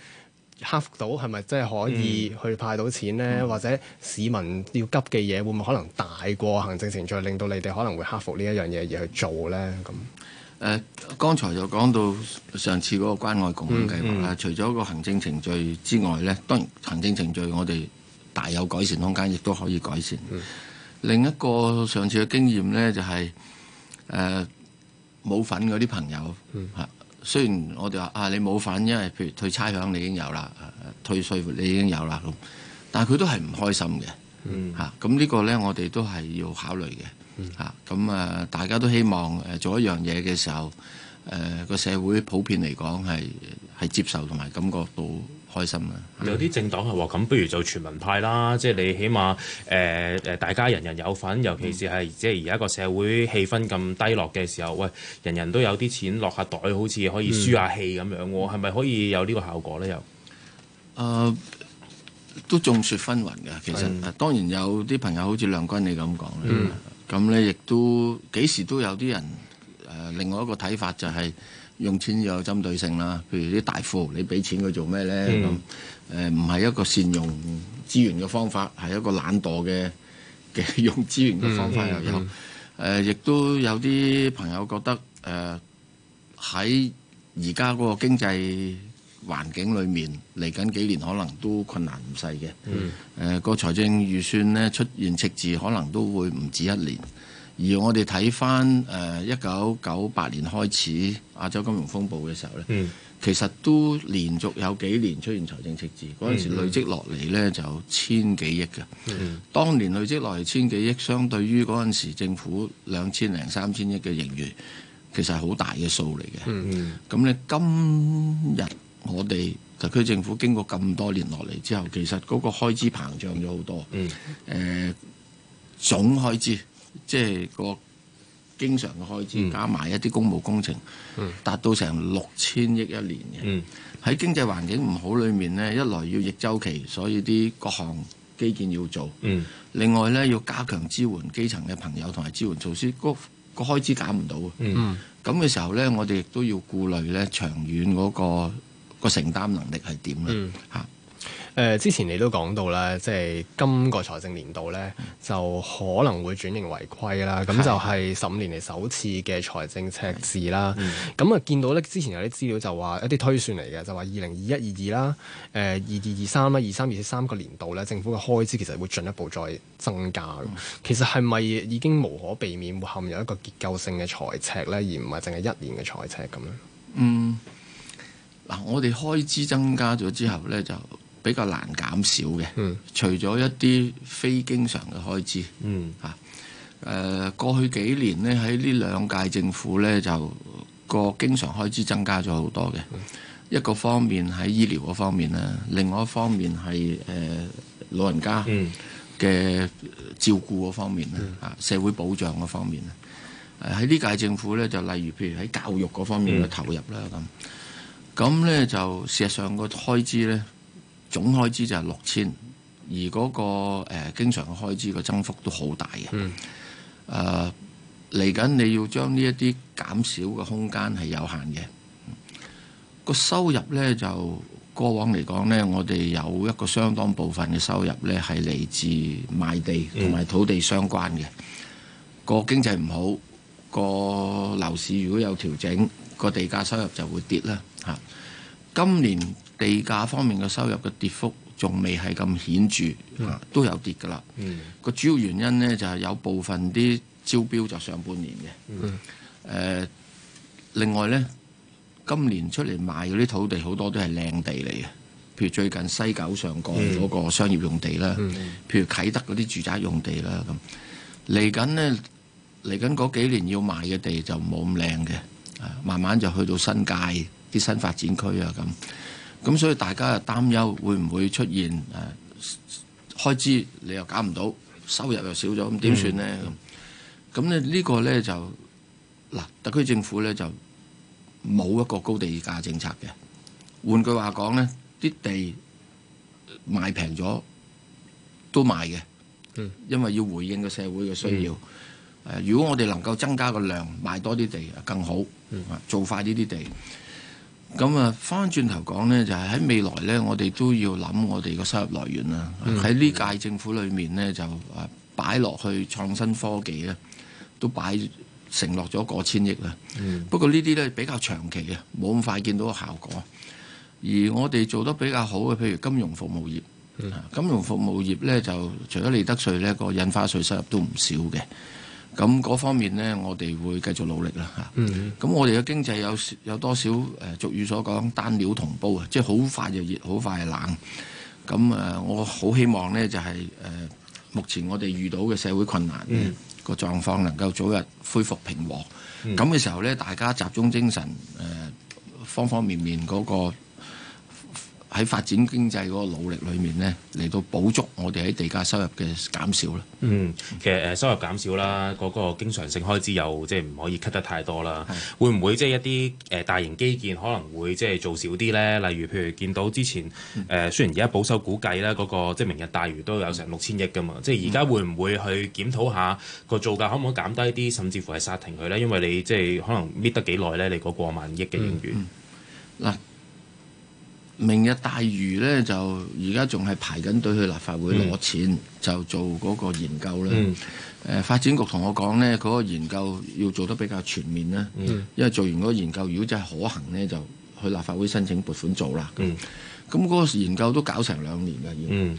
Speaker 4: 克服到係咪真係可以去派到錢呢？嗯嗯、或者市民要急嘅嘢，會唔會可能大過行政程序，令到你哋可能會克
Speaker 5: 服呢一樣嘢而去做呢？咁誒、呃，剛才就講到上次嗰個關愛共享計劃啊，嗯嗯、除咗個行政程序之外呢，當然行政程序我哋大有改善空間，亦都可以改善。嗯、另一個上次嘅經驗呢，就係誒冇份嗰啲朋友嚇。嗯雖然我哋話啊，你冇份，因為譬如退差餉你已經有啦，退稅你已經有啦咁，但係佢都係唔開心嘅嚇。咁呢、嗯啊、個呢，我哋都係要考慮嘅嚇。咁、嗯、啊，大家都希望誒做一樣嘢嘅時候，誒、啊、個社會普遍嚟講係係接受同埋感覺到。開
Speaker 6: 心啊！有啲政黨係話：咁不如就全民派啦！即係你起碼誒誒，大家人人有份，尤其是係即係而家個社會氣氛咁低落嘅時候，喂、呃，人人都有啲錢落下袋，好似可以舒下氣咁樣，係咪、嗯、可以有呢個效果呢？
Speaker 5: 又誒、呃，都眾說紛紜㗎。其實的當然有啲朋友好似亮均你咁講啦，咁呢亦都幾時都有啲人誒、呃。另外一個睇法就係、是。用錢要有針對性啦，譬如啲大富豪，你俾錢佢做咩呢？咁誒唔係一個善用資源嘅方法，係一個懶惰嘅嘅用資源嘅方法又有、嗯嗯呃。亦都有啲朋友覺得誒喺而家嗰個經濟環境裏面嚟緊幾年可能都困難唔細嘅。誒個、嗯呃、財政預算咧出現赤字，可能都會唔止一年。而我哋睇翻誒一九九八年開始亞洲金融風暴嘅時候呢、mm hmm. 其實都連續有幾年出現財政赤字，嗰陣、mm hmm. 時累積落嚟呢，就千幾億嘅。Mm hmm. 當年累積落嚟千幾億，相對於嗰陣時政府兩千零三千億嘅盈餘，其實係好大嘅數嚟嘅。咁你、mm hmm. 今日我哋特區政府經過咁多年落嚟之後，其實嗰個開支膨脹咗好多。誒、
Speaker 7: mm
Speaker 5: hmm. 呃、總開支。即係個經常嘅開支、嗯、加埋一啲公務工程，嗯、達到成六千億一年嘅。喺、嗯、經濟環境唔好裏面呢一來要逆周期，所以啲各項基建要做；嗯、另外呢，要加強支援基層嘅朋友同埋支援措施，個個開支減唔到。咁嘅、嗯、時候呢，我哋亦都要顧慮呢長遠嗰、嗰個、個承擔能力係點呢？嚇、嗯。誒、呃、之前你都講到啦，即
Speaker 4: 係今、這個財政年度咧、嗯、就可能會轉型為虧啦，咁、嗯、就係十五年嚟首次嘅財政赤字啦。咁啊、嗯、見到咧，之前有啲資料就話一啲推算嚟嘅，就話二零二一二二啦，誒二二二三啦，二三二四三個年度咧，政府嘅開支其實會進一步再增加。嗯、其實係咪已經無可避免會陷入一個結構性嘅財赤咧，而唔係淨係一年嘅財赤咁樣？嗯，
Speaker 5: 嗱，我哋開支增加咗之後咧就。比較難減少嘅，嗯、除咗一啲非經常嘅開支，嚇誒、嗯啊、過去幾年呢，喺呢兩屆政府呢，就個經常開支增加咗好多嘅。嗯、一個方面喺醫療嗰方面呢，另外一方面係誒、呃、老人家嘅照顧嗰方面呢，嚇、嗯啊、社會保障嗰方面呢，喺呢、嗯啊、屆政府呢，就例如譬如喺教育嗰方面嘅投入啦咁，咁、嗯嗯、呢，就事實上上個開支呢。呢總開支就係六千，而嗰個誒經常嘅開支個增幅都好大嘅。誒嚟緊你要將呢一啲減少嘅空間係有限嘅。個收入呢就過往嚟講呢，我哋有一個相當部分嘅收入呢係嚟自賣地同埋土地相關嘅。個經濟唔好，個樓市如果有調整，個地價收入就會跌啦。嚇，今年，地價方面嘅收入嘅跌幅仲未係咁顯著，嗯、都有跌㗎啦。個、嗯、主要原因呢，就係、是、有部分啲招標就上半年嘅。誒、嗯呃，另外呢，今年出嚟賣嗰啲土地好多都係靚地嚟嘅，譬如最近西九上蓋嗰個商業用地啦，嗯、譬如啟德嗰啲住宅用地啦，咁嚟緊呢，嚟緊嗰幾年要賣嘅地就冇咁靚嘅、啊，慢慢就去到新界啲新發展區啊咁。咁所以大家又擔憂會唔會出現誒開支你又搞唔到，收入又少咗，咁點算咧？咁咧呢個咧就嗱，特區政府咧就冇一個高地價政策嘅。換句話講咧，啲地賣平咗都賣嘅，因為要回應個社會嘅需要。誒，如果我哋能夠增加個量，賣多啲地更好，做快呢啲地。咁啊，翻轉頭講呢，就係喺未來呢，我哋都要諗我哋個收入來源啦。喺呢屆政府裏面呢，就擺落去創新科技呢，都擺承諾咗過千億啦。Mm
Speaker 7: hmm. 不
Speaker 5: 過呢啲呢，比較長期啊，冇咁快見到個效果。而我哋做得比較好嘅，譬如金融服務業，mm hmm. 金融服務業呢，就除咗利得稅呢、個印花稅收入都唔少嘅。咁嗰方面呢，我哋會繼續努力啦嚇。
Speaker 7: 咁、mm hmm.
Speaker 5: 我哋嘅經濟有有多少誒、呃，俗語所講，單料銅煲啊，即係好快就熱，好快就冷。咁誒、呃，我好希望呢，就係、是、誒、呃、目前我哋遇到嘅社會困難嘅、mm hmm. 個狀況，能夠早日恢復平和。咁嘅、mm hmm. 時候呢，大家集中精神誒、呃，方方面面嗰、那個。喺發展經濟嗰個努力裏面呢，嚟到補足我哋喺地價收入嘅減少啦。嗯，
Speaker 6: 其實誒收入減少啦，嗰、那個經常性開支又即係唔可以 cut 得太多啦。的會唔會即係一啲誒大型基建可能會即係做少啲呢？例如，譬如見到之前誒，雖然而家保守估計啦，嗰、那個即係明日大嶼都有成六千億噶嘛。嗯、即係而家會唔會去檢討下、那個造價可唔可以減低啲，甚至乎係殺停佢呢？因為你即係可能搣得幾耐呢？你嗰過萬億嘅盈餘嗱。嗯
Speaker 5: 明日大嶼咧，就而家仲係排緊隊去立法會攞錢，嗯、就做嗰個研究啦。誒、嗯呃、發展局同我講咧，嗰、那個研究要做得比較全面啦，嗯、因為做完嗰個研究，如果真係可行咧，就去立法會申請撥款做啦。咁嗰、嗯、個研究都搞成兩年嘅，要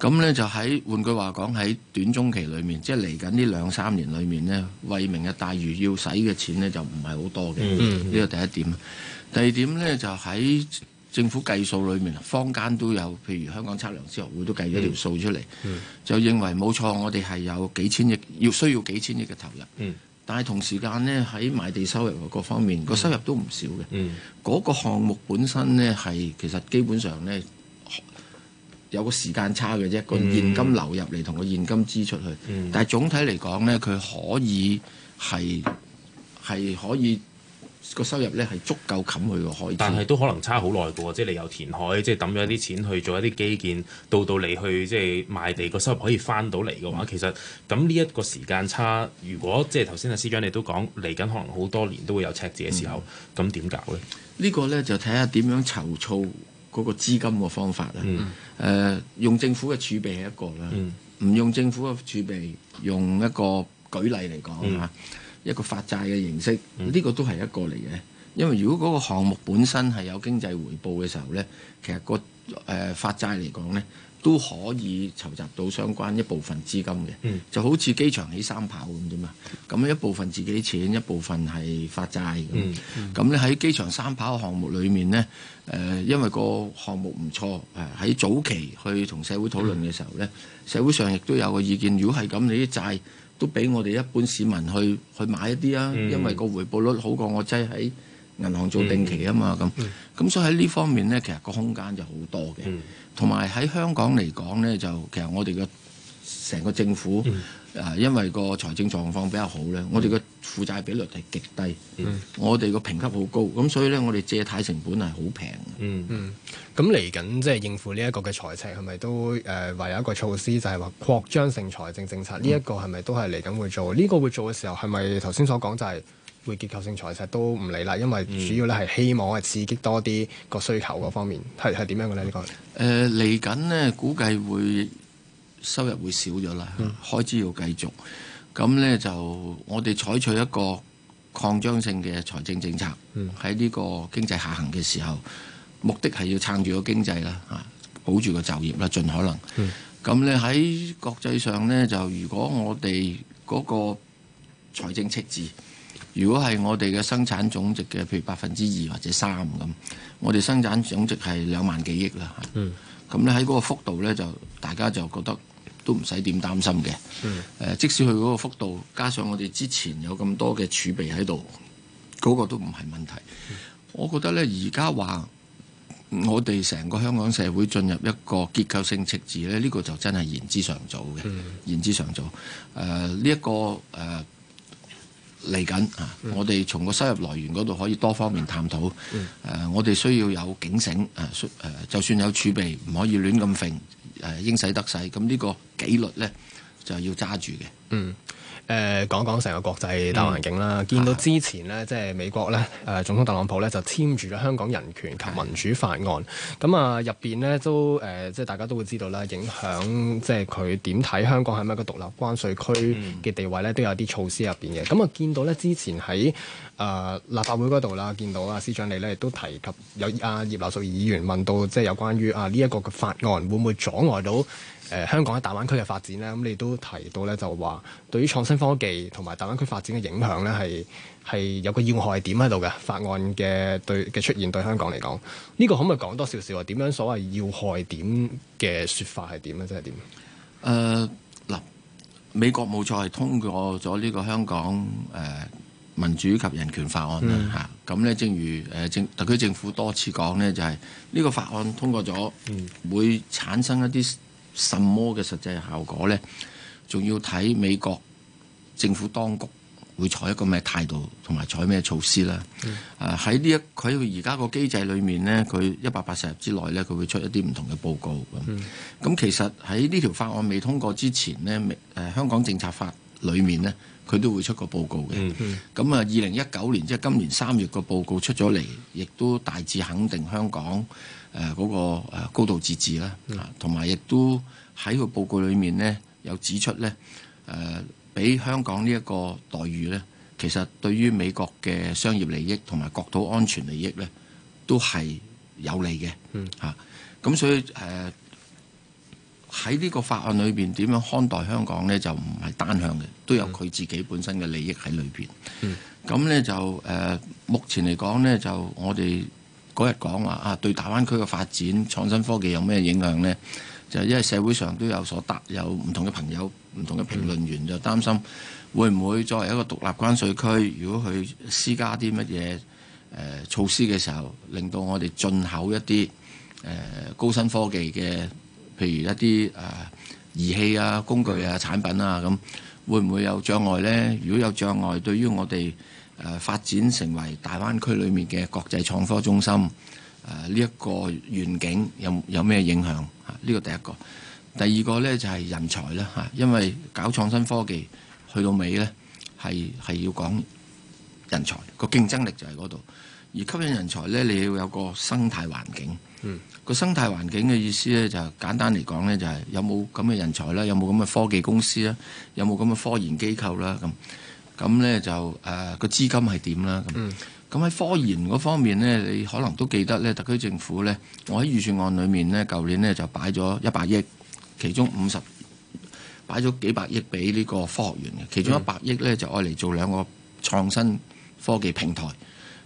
Speaker 5: 咁咧就喺換句話講，喺短中期裡面，即係嚟緊呢兩三年裡面咧，為明日大嶼要使嘅錢咧就唔係好多嘅。呢個、嗯嗯、第一點。第二點咧就喺政府計數裏面，坊間都有，譬如香港測量師學會都計咗條數出嚟，嗯嗯、就認為冇錯，我哋係有幾千億，要需要幾千億嘅投入。嗯、但係同時間呢，喺賣地收入各方面，個、嗯、收入都唔少嘅。嗰、嗯、個項目本身呢，係其實基本上呢，有個時間差嘅啫，個現金流入嚟同個現金支出去。嗯嗯、但係總體嚟講呢，佢可以係係可以。個收入咧係足夠冚佢個海，但係都
Speaker 6: 可能差好耐嘅，即係你由填海，即係揼咗一啲錢去做一啲基建，到到你去即係賣地個收入可以翻到嚟嘅話，其實咁呢一個時間差，如果即係頭先阿司長你都講嚟緊可能好多年都會有赤字嘅時候，咁點搞咧？
Speaker 5: 呢個咧就睇下點樣籌措嗰個資金嘅方法啦。誒、嗯呃，用政府嘅儲備係一個啦，唔、嗯、用政府嘅儲備，用一個舉例嚟講吓。嗯一個發債嘅形式，呢、嗯、個都係一個嚟嘅。因為如果嗰個項目本身係有經濟回報嘅時候呢，其實、個誒發、呃、債嚟講呢都可以籌集到相關一部分資金嘅。嗯、就好似機場起三跑咁啫嘛。咁一部分自己錢，一部分係發債。咁咧喺機場三跑項目裡面呢，誒、呃、因為個項目唔錯，誒喺早期去同社會討論嘅時候呢，嗯、社會上亦都有個意見。如果係咁，你啲債，都俾我哋一般市民去去買一啲啊，嗯、因為個回報率好過我擠喺銀行做定期啊嘛，咁咁所以喺呢方面呢，其實個空間就好多嘅，同埋喺香港嚟講呢，就其實我哋嘅成個政府。嗯誒，因為個財政狀況比較好咧，嗯、我哋嘅負債比率係極低，嗯、我哋個評級好高，咁所以咧，我哋借貸成本係好平。嗯
Speaker 4: 嗯，
Speaker 5: 咁嚟緊即係應付呢一個嘅財赤，係
Speaker 4: 咪都誒？唯有一個措施，就係話擴張性財政政策，呢一、嗯、個係咪都係嚟緊會做？呢、呢個會做嘅時候，係咪頭先所講就係會結構性財赤都唔理啦？因為主要咧係希望係、嗯、刺激多啲個需求嗰方面，係係點樣嘅咧？呢個
Speaker 5: 誒嚟緊呢，嗯、估計會。收入會少咗啦，嗯、開支要繼續，咁呢，就我哋採取一個擴張性嘅財政政策，喺呢、嗯、個經濟下行嘅時候，目的係要撐住個經濟啦，啊，保住個就業啦，盡可能。咁、嗯、你喺國際上呢，就如果我哋嗰個財政赤字，如果係我哋嘅生產總值嘅，譬如百分之二或者三咁，我哋生產總值係兩萬幾億啦。咁咧喺嗰個幅度呢，就大家就覺得都唔使點擔心嘅的、呃。即使佢嗰個幅度加上我哋之前有咁多嘅儲備喺度，嗰、那個都唔係問題。的我覺得呢，而家話我哋成個香港社會進入一個結構性赤字呢，呢、這個就真係言之尚早嘅。的言之尚早。誒、呃，呢、這、一個誒。呃嚟緊啊！嗯、我哋從個收入來源嗰度可以多方面探討。誒、嗯呃，我哋需要有警醒。誒、呃，就算有儲備，唔可以亂咁揈。誒、呃，應使得使。咁呢個紀律咧，就要揸住嘅。嗯。
Speaker 4: 誒、呃、講一講成個國際大環境啦，嗯、見到之前呢，嗯、即係美國呢，誒、呃、總統特朗普呢，就簽住咗香港人權及民主法案，咁、嗯、啊入邊呢，都誒、呃，即係大家都會知道啦，影響即係佢點睇香港係咪一個獨立關稅區嘅地位呢，都有啲措施入邊嘅。咁啊、嗯，見到呢，之前喺啊、呃、立法會嗰度啦，見到啊司長你呢，亦都提及有，有啊葉劉淑儀議員問到，即係有關於啊呢一、啊呢個嘅法案會唔會阻礙到？誒、呃、香港喺大灣區嘅發展咧，咁、嗯、你都提到咧，就話對於創新科技同埋大灣區發展嘅影響咧，係係有個要害點喺度嘅法案嘅對嘅，出現對香港嚟講，呢、這個可唔可以講多少少啊？點樣所謂要害點嘅説法係點咧？即係點？
Speaker 5: 誒嗱、呃呃，美國冇錯係通過咗呢個香港誒、呃、民主及人權法案啦嚇。咁咧，正如誒政、呃、特區政府多次講咧，就係、是、呢個法案通過咗，會產生一啲。什麼嘅實際效果呢？仲要睇美國政府當局會採一個咩態度同埋採咩措施啦。嗯、啊，喺呢一佢而家個機制裏面呢，佢一百八十日之內呢，佢會出一啲唔同嘅報告。咁、嗯、咁、嗯嗯、其實喺呢條法案未通過之前呢，誒、啊、香港政策法裏面呢，佢都會出個報告嘅。咁啊、嗯，二零一九年即係、就是、今年三月個報告出咗嚟，亦都大致肯定香港。誒嗰、呃那個、呃、高度自治啦，同埋亦都喺個報告裏面呢，有指出呢，誒、呃、俾香港呢一個待遇呢，其實對於美國嘅商業利益同埋國土安全利益呢，都係有利嘅嚇。咁、啊、所以誒喺呢個法案裏邊點樣看待香港呢？就唔係單向嘅，都有佢自己本身嘅利益喺裏邊。咁、啊、呢，就誒、呃、目前嚟講呢，就我哋。嗰日講話啊，對大灣區嘅發展創新科技有咩影響呢？就因為社會上都有所答，有唔同嘅朋友、唔同嘅評論員就擔心，會唔會作為一個獨立關稅區，如果去施加啲乜嘢措施嘅時候，令到我哋進口一啲、呃、高新科技嘅，譬如一啲誒、呃、儀器啊、工具啊、產品啊，咁會唔會有障礙呢？如果有障礙，對於我哋。誒、呃、發展成為大灣區裏面嘅國際創科中心，誒呢一個願景有有咩影響？嚇、啊，呢、這個第一個。第二個呢就係、是、人才啦嚇、啊，因為搞創新科技去到尾呢係係要講人才，個競爭力就喺嗰度。而吸引人才呢，你要有個生態環境。嗯，個生態環境嘅意思呢、就是，就係簡單嚟講呢，就係有冇咁嘅人才啦，有冇咁嘅科技公司啦，有冇咁嘅科研機構啦咁。嗯咁呢就誒個、呃、資金係點啦？咁咁喺科研嗰方面呢，你可能都記得呢特區政府呢，我喺預算案裡面呢，舊年呢就擺咗一百億，其中五十擺咗幾百億俾呢個科學園嘅，其中一百億呢，就愛嚟做兩個創新科技平台，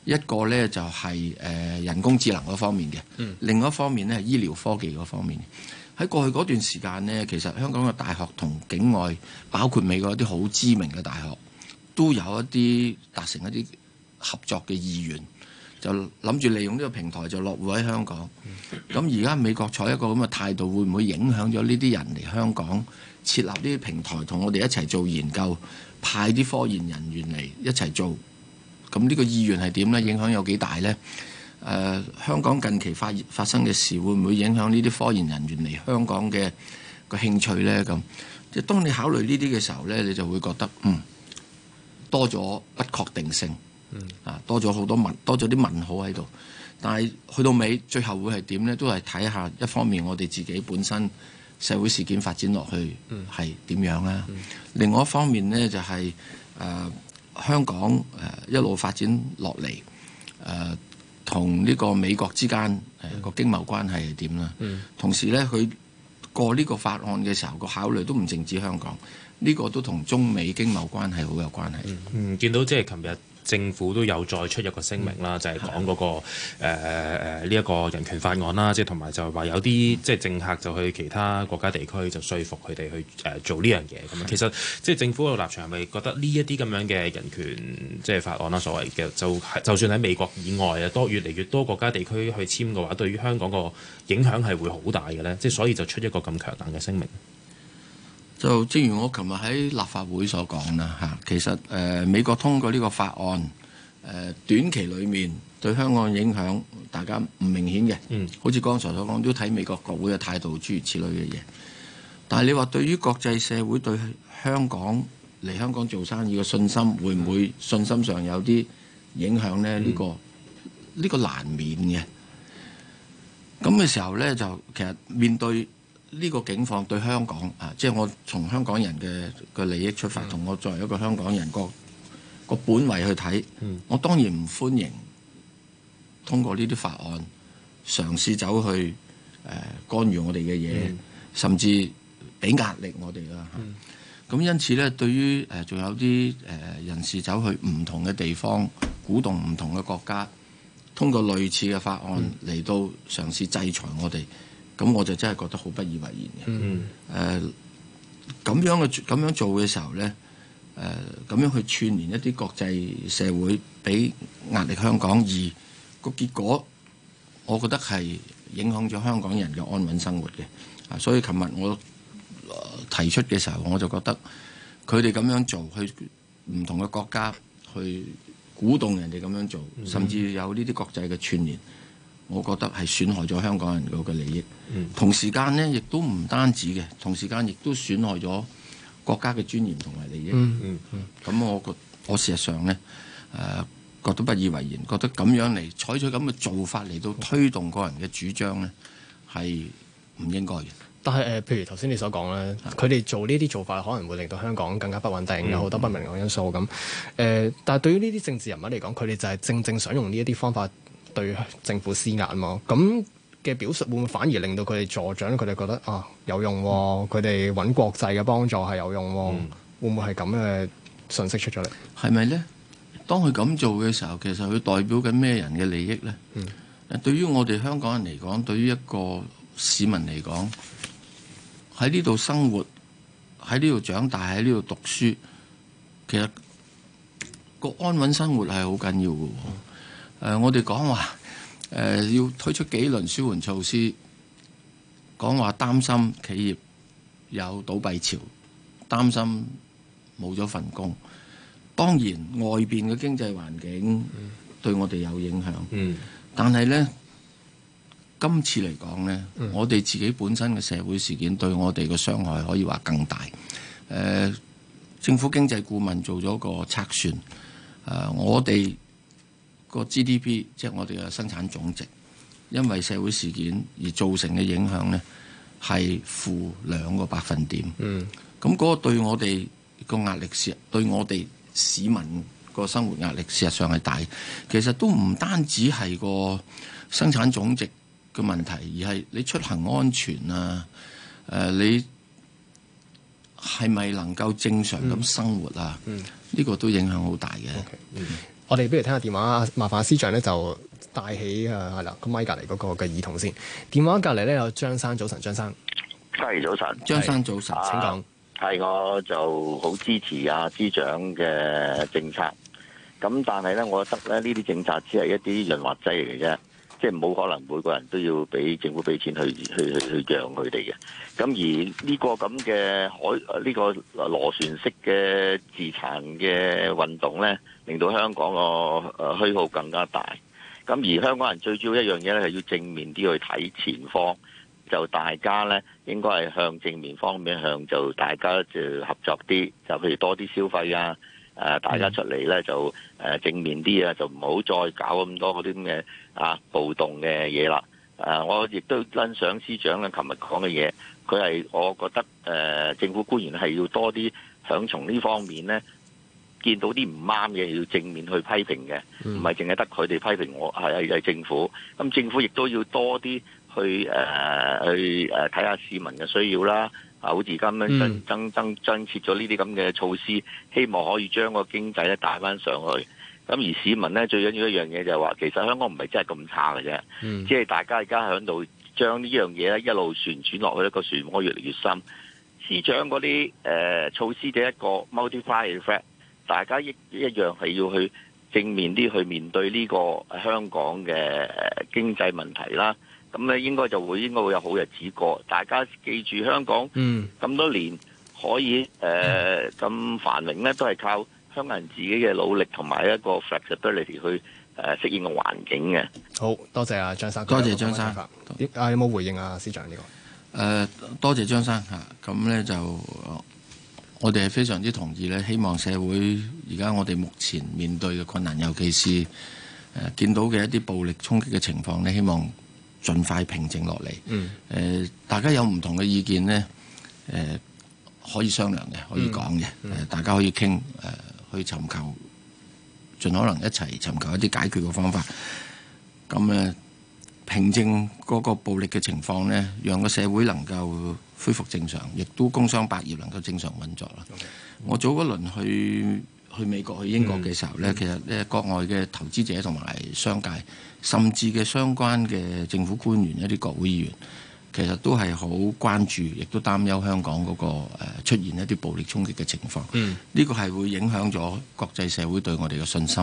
Speaker 5: 一個呢就係、是、誒、呃、人工智能嗰方面嘅，嗯、另一方面呢係醫療科技嗰方面。喺過去嗰段時間呢，其實香港嘅大學同境外包括美國一啲好知名嘅大學，都有一啲達成一啲合作嘅意願，就諗住利用呢個平台就落戶喺香港。咁而家美國採一個咁嘅態度，會唔會影響咗呢啲人嚟香港設立呢啲平台，同我哋一齊做研究，派啲科研人員嚟一齊做？咁呢個意願係點呢？影響有幾大呢？誒、呃，香港近期發發生嘅事會唔會影響呢啲科研人員嚟香港嘅個興趣呢？咁即係當你考慮呢啲嘅時候呢，你就會覺得嗯。多咗不確定性，啊，多咗好多問，多咗啲問號喺度，但係去到尾最後會係點呢？都係睇下一方面，我哋自己本身社會事件發展落去係點樣啦、啊。嗯嗯、另外一方面呢，就係、是、誒、呃、香港誒、呃、一路發展落嚟，誒同呢個美國之間個、呃、經貿關係係點啦、啊。嗯嗯、同時呢，佢過呢個法案嘅時候，個考慮都唔淨止香港。呢個都同中美經貿關係好有關係。嗯，見到即
Speaker 6: 係琴日政府都有再出一個聲明啦，嗯、就係講嗰個誒呢一個人權法案啦，即係同埋就係話有啲的即係政客就去其他國家地區就説服佢哋去誒、呃、做呢樣嘢咁樣。的其實即係政府個立場係咪覺得呢一啲咁樣嘅人權即係法案啦所謂嘅，就就算喺美國以外啊多越嚟越多國家地區去簽嘅
Speaker 5: 話，對於香港個影響係會好大嘅咧？即係所以就出一個咁強硬嘅聲明。就正如我琴日喺立法會所講啦吓，其實誒、呃、美國通過呢個法案，誒、呃、短期裏面對香港影響大家唔明顯嘅。嗯、好似剛才所講，都睇美國國會嘅態度諸如此類嘅嘢。但係你話對於國際社會對香港嚟香港做生意嘅信心會唔會信心上有啲影響咧？呢、嗯呢個呢、呢個難免嘅。咁嘅時候咧，就其實面對。呢個境況對香港啊，即係我從香港人嘅嘅利益出發，同我作為一個香港人個個本位去睇，嗯、我當然唔歡迎通過呢啲法案嘗試走去、呃、干預我哋嘅嘢，嗯、甚至俾壓力我哋啦。咁、啊嗯、因此呢，對於誒仲有啲誒、呃、人士走去唔同嘅地方鼓動唔同嘅國家，通過類似嘅法案嚟、嗯、到嘗試制裁我哋。咁我就真係覺得好不以為然嘅。誒咁、mm hmm. 呃、咁樣嘅咁樣做嘅時候呢，誒、呃、咁樣去串連一啲國際社會，俾壓力香港，而個結果，我覺得係影響咗香港人嘅安穩生活嘅。啊，所以琴日我提出嘅時候，我就覺得佢哋咁樣做，去唔同嘅國家去鼓動人哋咁樣做，mm hmm. 甚至有呢啲國際嘅串連。我覺得係損害咗香港人個利益，嗯、同時間呢，亦都唔單止嘅，同時間亦都損害咗國家嘅尊嚴同埋利益。咁、嗯嗯、我覺，我事實上呢，誒、呃、覺得不以為然，覺得咁樣嚟採取咁嘅做法嚟到推動個人嘅主張呢，係唔應該嘅。但係譬、呃、如頭先你所講啦，
Speaker 4: 佢哋的做呢啲做法可能會令到香港更加不穩定，嗯、有好多不明朗因素咁。但係對於呢啲政治人物嚟講，佢哋就係正正想用呢一啲方法。對政府施壓嘛？咁嘅表述會唔會反而令到佢哋助長佢哋覺得啊有用喎、啊？佢哋揾國
Speaker 5: 際嘅幫助係有用喎、啊？嗯、會唔會係咁嘅信息出咗嚟？係咪呢？當佢咁做嘅時候，其實佢代表緊咩人嘅利益呢？嗯，對於我哋香港人嚟講，對於一個市民嚟講，喺呢度生活，喺呢度長大，喺呢度讀書，其實個安穩生活係好緊要嘅喎。嗯誒、呃，我哋講話誒、呃，要推出幾輪舒緩措施，講話擔心企業有倒閉潮，擔心冇咗份工。當然外邊嘅經濟環境對我哋有影響，嗯、但係呢，今次嚟講呢，我哋自己本身嘅社會事件對我哋嘅傷害可以話更大、呃。政府經濟顧問做咗個測算，呃、我哋。個 GDP 即係我哋嘅生產總值，因為社會事件而造成嘅影響呢，係負兩個百分點。嗯，咁嗰個對我哋個壓力，係對我哋市民個生活壓力，事實上係大。其實都唔單止係個生產總值嘅問題，而係你出行安全啊，誒、呃，你係咪能夠正常咁生活啊？嗯、嗯，呢個都影響好大嘅。Okay. 嗯
Speaker 4: 我哋不如聽下電話，麻煩司長咧就帶起啊，係啦，麥麥個咪隔離嗰個嘅耳筒先。電話隔離咧有張生，早晨，張生。
Speaker 2: 早晨安，張生的早晨，請講。係、啊、我就好支持阿、啊、司長嘅政策。咁但係咧，我覺得咧呢啲政策只係一啲潤滑劑嚟嘅啫，即係冇可能每個人都要俾政府俾錢去去去去讓佢哋嘅。咁而呢個咁嘅海呢個螺旋式嘅自殘嘅運動咧。令到香港個誒虛耗更加大，咁而香港人最主要一樣嘢咧係要正面啲去睇前方，就大家咧應該係向正面方面向就大家就合作啲，就譬如多啲消費啊，誒大家出嚟咧就誒正面啲啊，就唔好再搞咁多嗰啲咁嘅啊暴動嘅嘢啦。誒，我亦都欣賞司長咧，琴日講嘅嘢，佢係我覺得誒政府官員係要多啲想從呢方面咧。見到啲唔啱嘅，要正面去批評嘅，唔係淨係得佢哋批評我係係政府咁、嗯。政府亦都要多啲去誒、呃、去誒睇下市民嘅需要啦。啊，好似而家咁樣增增增增設咗呢啲咁嘅措施，希望可以將個經濟咧帶翻上去。咁而市民咧最緊要一樣嘢就係話，其實香港唔係真係咁差嘅啫，即係、嗯、大家而家喺度將呢樣嘢咧一路旋轉落去，一個漩渦越嚟越深。司長嗰啲誒措施嘅一個 multiplier effect 大家一一樣係要去正面啲去面對呢個香港嘅經濟問題啦，咁咧應該就會應該會有好日子過。大家記住香港咁多年可以誒咁、嗯呃、繁榮咧，都係靠香港人自己嘅努力同埋一個 flexibility 去誒適應個環境嘅。
Speaker 4: 好多謝阿、啊、張生、啊這個呃，多謝張生。啊有冇回應啊司長呢個？
Speaker 5: 誒多謝張生嚇，咁咧就。我哋係非常之同意咧，希望社會而家我哋目前面對嘅困難，尤其是誒見到嘅一啲暴力衝擊嘅情況呢，希望盡快平靜落嚟。大家有唔同嘅意見呢、呃、可以商量嘅，可以講嘅、嗯嗯呃，大家可以傾，去、呃、尋求盡可能一齊尋求一啲解決嘅方法。咁、嗯、咧、呃，平靜嗰個暴力嘅情況呢，讓個社會能夠恢復正常，亦都工商百業能夠正常運作啦。Okay. 我早一輪去去美國、去英國嘅時候呢、mm. 其實呢國外嘅投資者同埋商界，甚至嘅相關嘅政府官員一啲國會議員。其實都係好關注，亦都擔憂香港嗰、那個、呃、出現一啲暴力衝擊嘅情況。呢個係會影響咗國際社會對我哋嘅信心，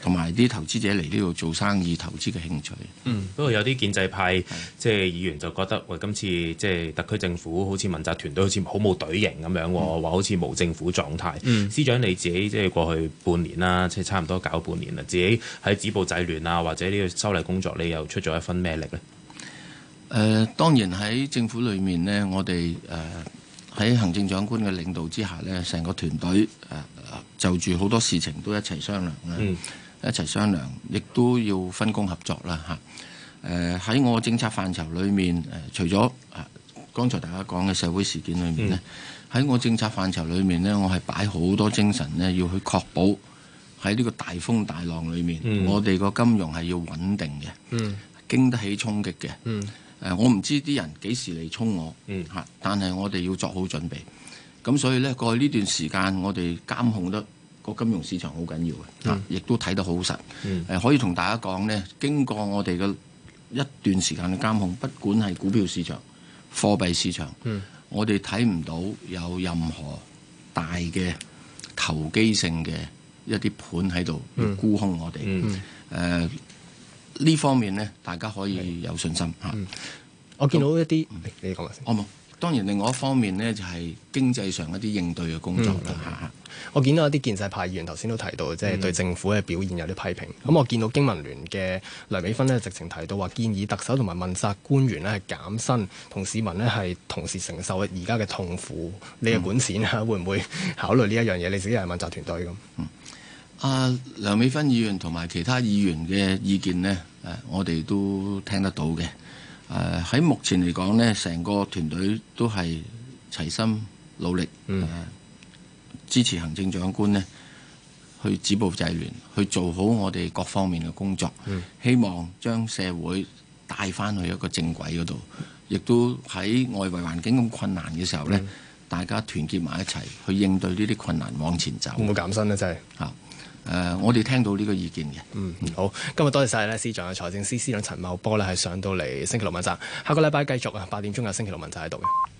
Speaker 5: 同埋啲投資者嚟呢度做生意投資嘅興趣。
Speaker 6: 不過、嗯、有啲建制派是即係議員就覺得，喂今次即係特區政府好似問責團隊都好似好冇隊形咁樣，話、嗯哦、好似冇政府狀態。嗯、司長你自己即係過去半年啦，即係差唔多搞半年啦，自己喺止暴制亂啊，或者呢個修例工作，你又出咗一分咩力呢？
Speaker 5: 誒、呃、當然喺政府裏面呢，我哋誒喺行政長官嘅領導之下呢，成個團隊誒、呃、就住好多事情都一齊商量啦，嗯、一齊商量，亦都要分工合作啦嚇。誒、呃、喺我政策範疇裏面，除咗誒、呃、剛才大家講嘅社會事件裏面呢，喺、嗯、我政策範疇裏面呢，我係擺好多精神呢，要去確保喺呢個大風大浪裏面，嗯、我哋個金融係要穩定嘅，經、嗯、得起衝擊嘅。嗯誒，我唔知啲人幾時嚟衝我，嚇、嗯！但係我哋要做好準備。咁所以呢，過去呢段時間我哋監控得、個金融市場好緊要嘅，亦、嗯、都睇得好實。誒、嗯呃，可以同大家講呢，經過我哋嘅一段時間嘅監控，不管係股票市場、貨幣市場，嗯、我哋睇唔到有任何大嘅投機性嘅一啲盤喺度、嗯、沽空我哋。誒、嗯。嗯嗯呢方面呢，大家可以有信心嚇。嗯嗯、我見到一啲，嗯、你講啊、哦，當然另外一方面呢，就係、是、經
Speaker 4: 濟上一啲應對嘅工作啦，我見到一啲建制派議員頭先都提到，即、就、係、是、對政府嘅表現有啲批評。咁、嗯、我見到經民聯嘅梁美芬呢，直情提到話建議特首同埋問責官員呢係減薪，同市民呢係同時承受而家嘅痛苦。嗯、你嘅本錢嚇會唔
Speaker 5: 會考慮呢一樣嘢？你自己係問責團隊咁。嗯阿、啊、梁美芬議員同埋其他議員嘅意見呢，誒、啊，我哋都聽得到嘅。誒、啊，喺目前嚟講呢，成個團隊都係齊心努力、嗯啊，支持行政長官呢去止暴制亂，去做好我哋各方面嘅工作，嗯、希望將社會帶翻去一個正軌嗰度。亦都喺外圍環境咁困難嘅時候呢，嗯、大家團結埋一齊去應對呢啲困難，往前走、嗯。會唔會減薪呢？真係。誒，我哋、uh, 嗯、聽到呢個意見嘅。嗯，好，今日多謝晒咧，司長啊，財政司司長陳茂波咧，係上到嚟
Speaker 7: 星期六問責，下個禮拜繼續啊，八點鐘有星期六問責喺度嘅。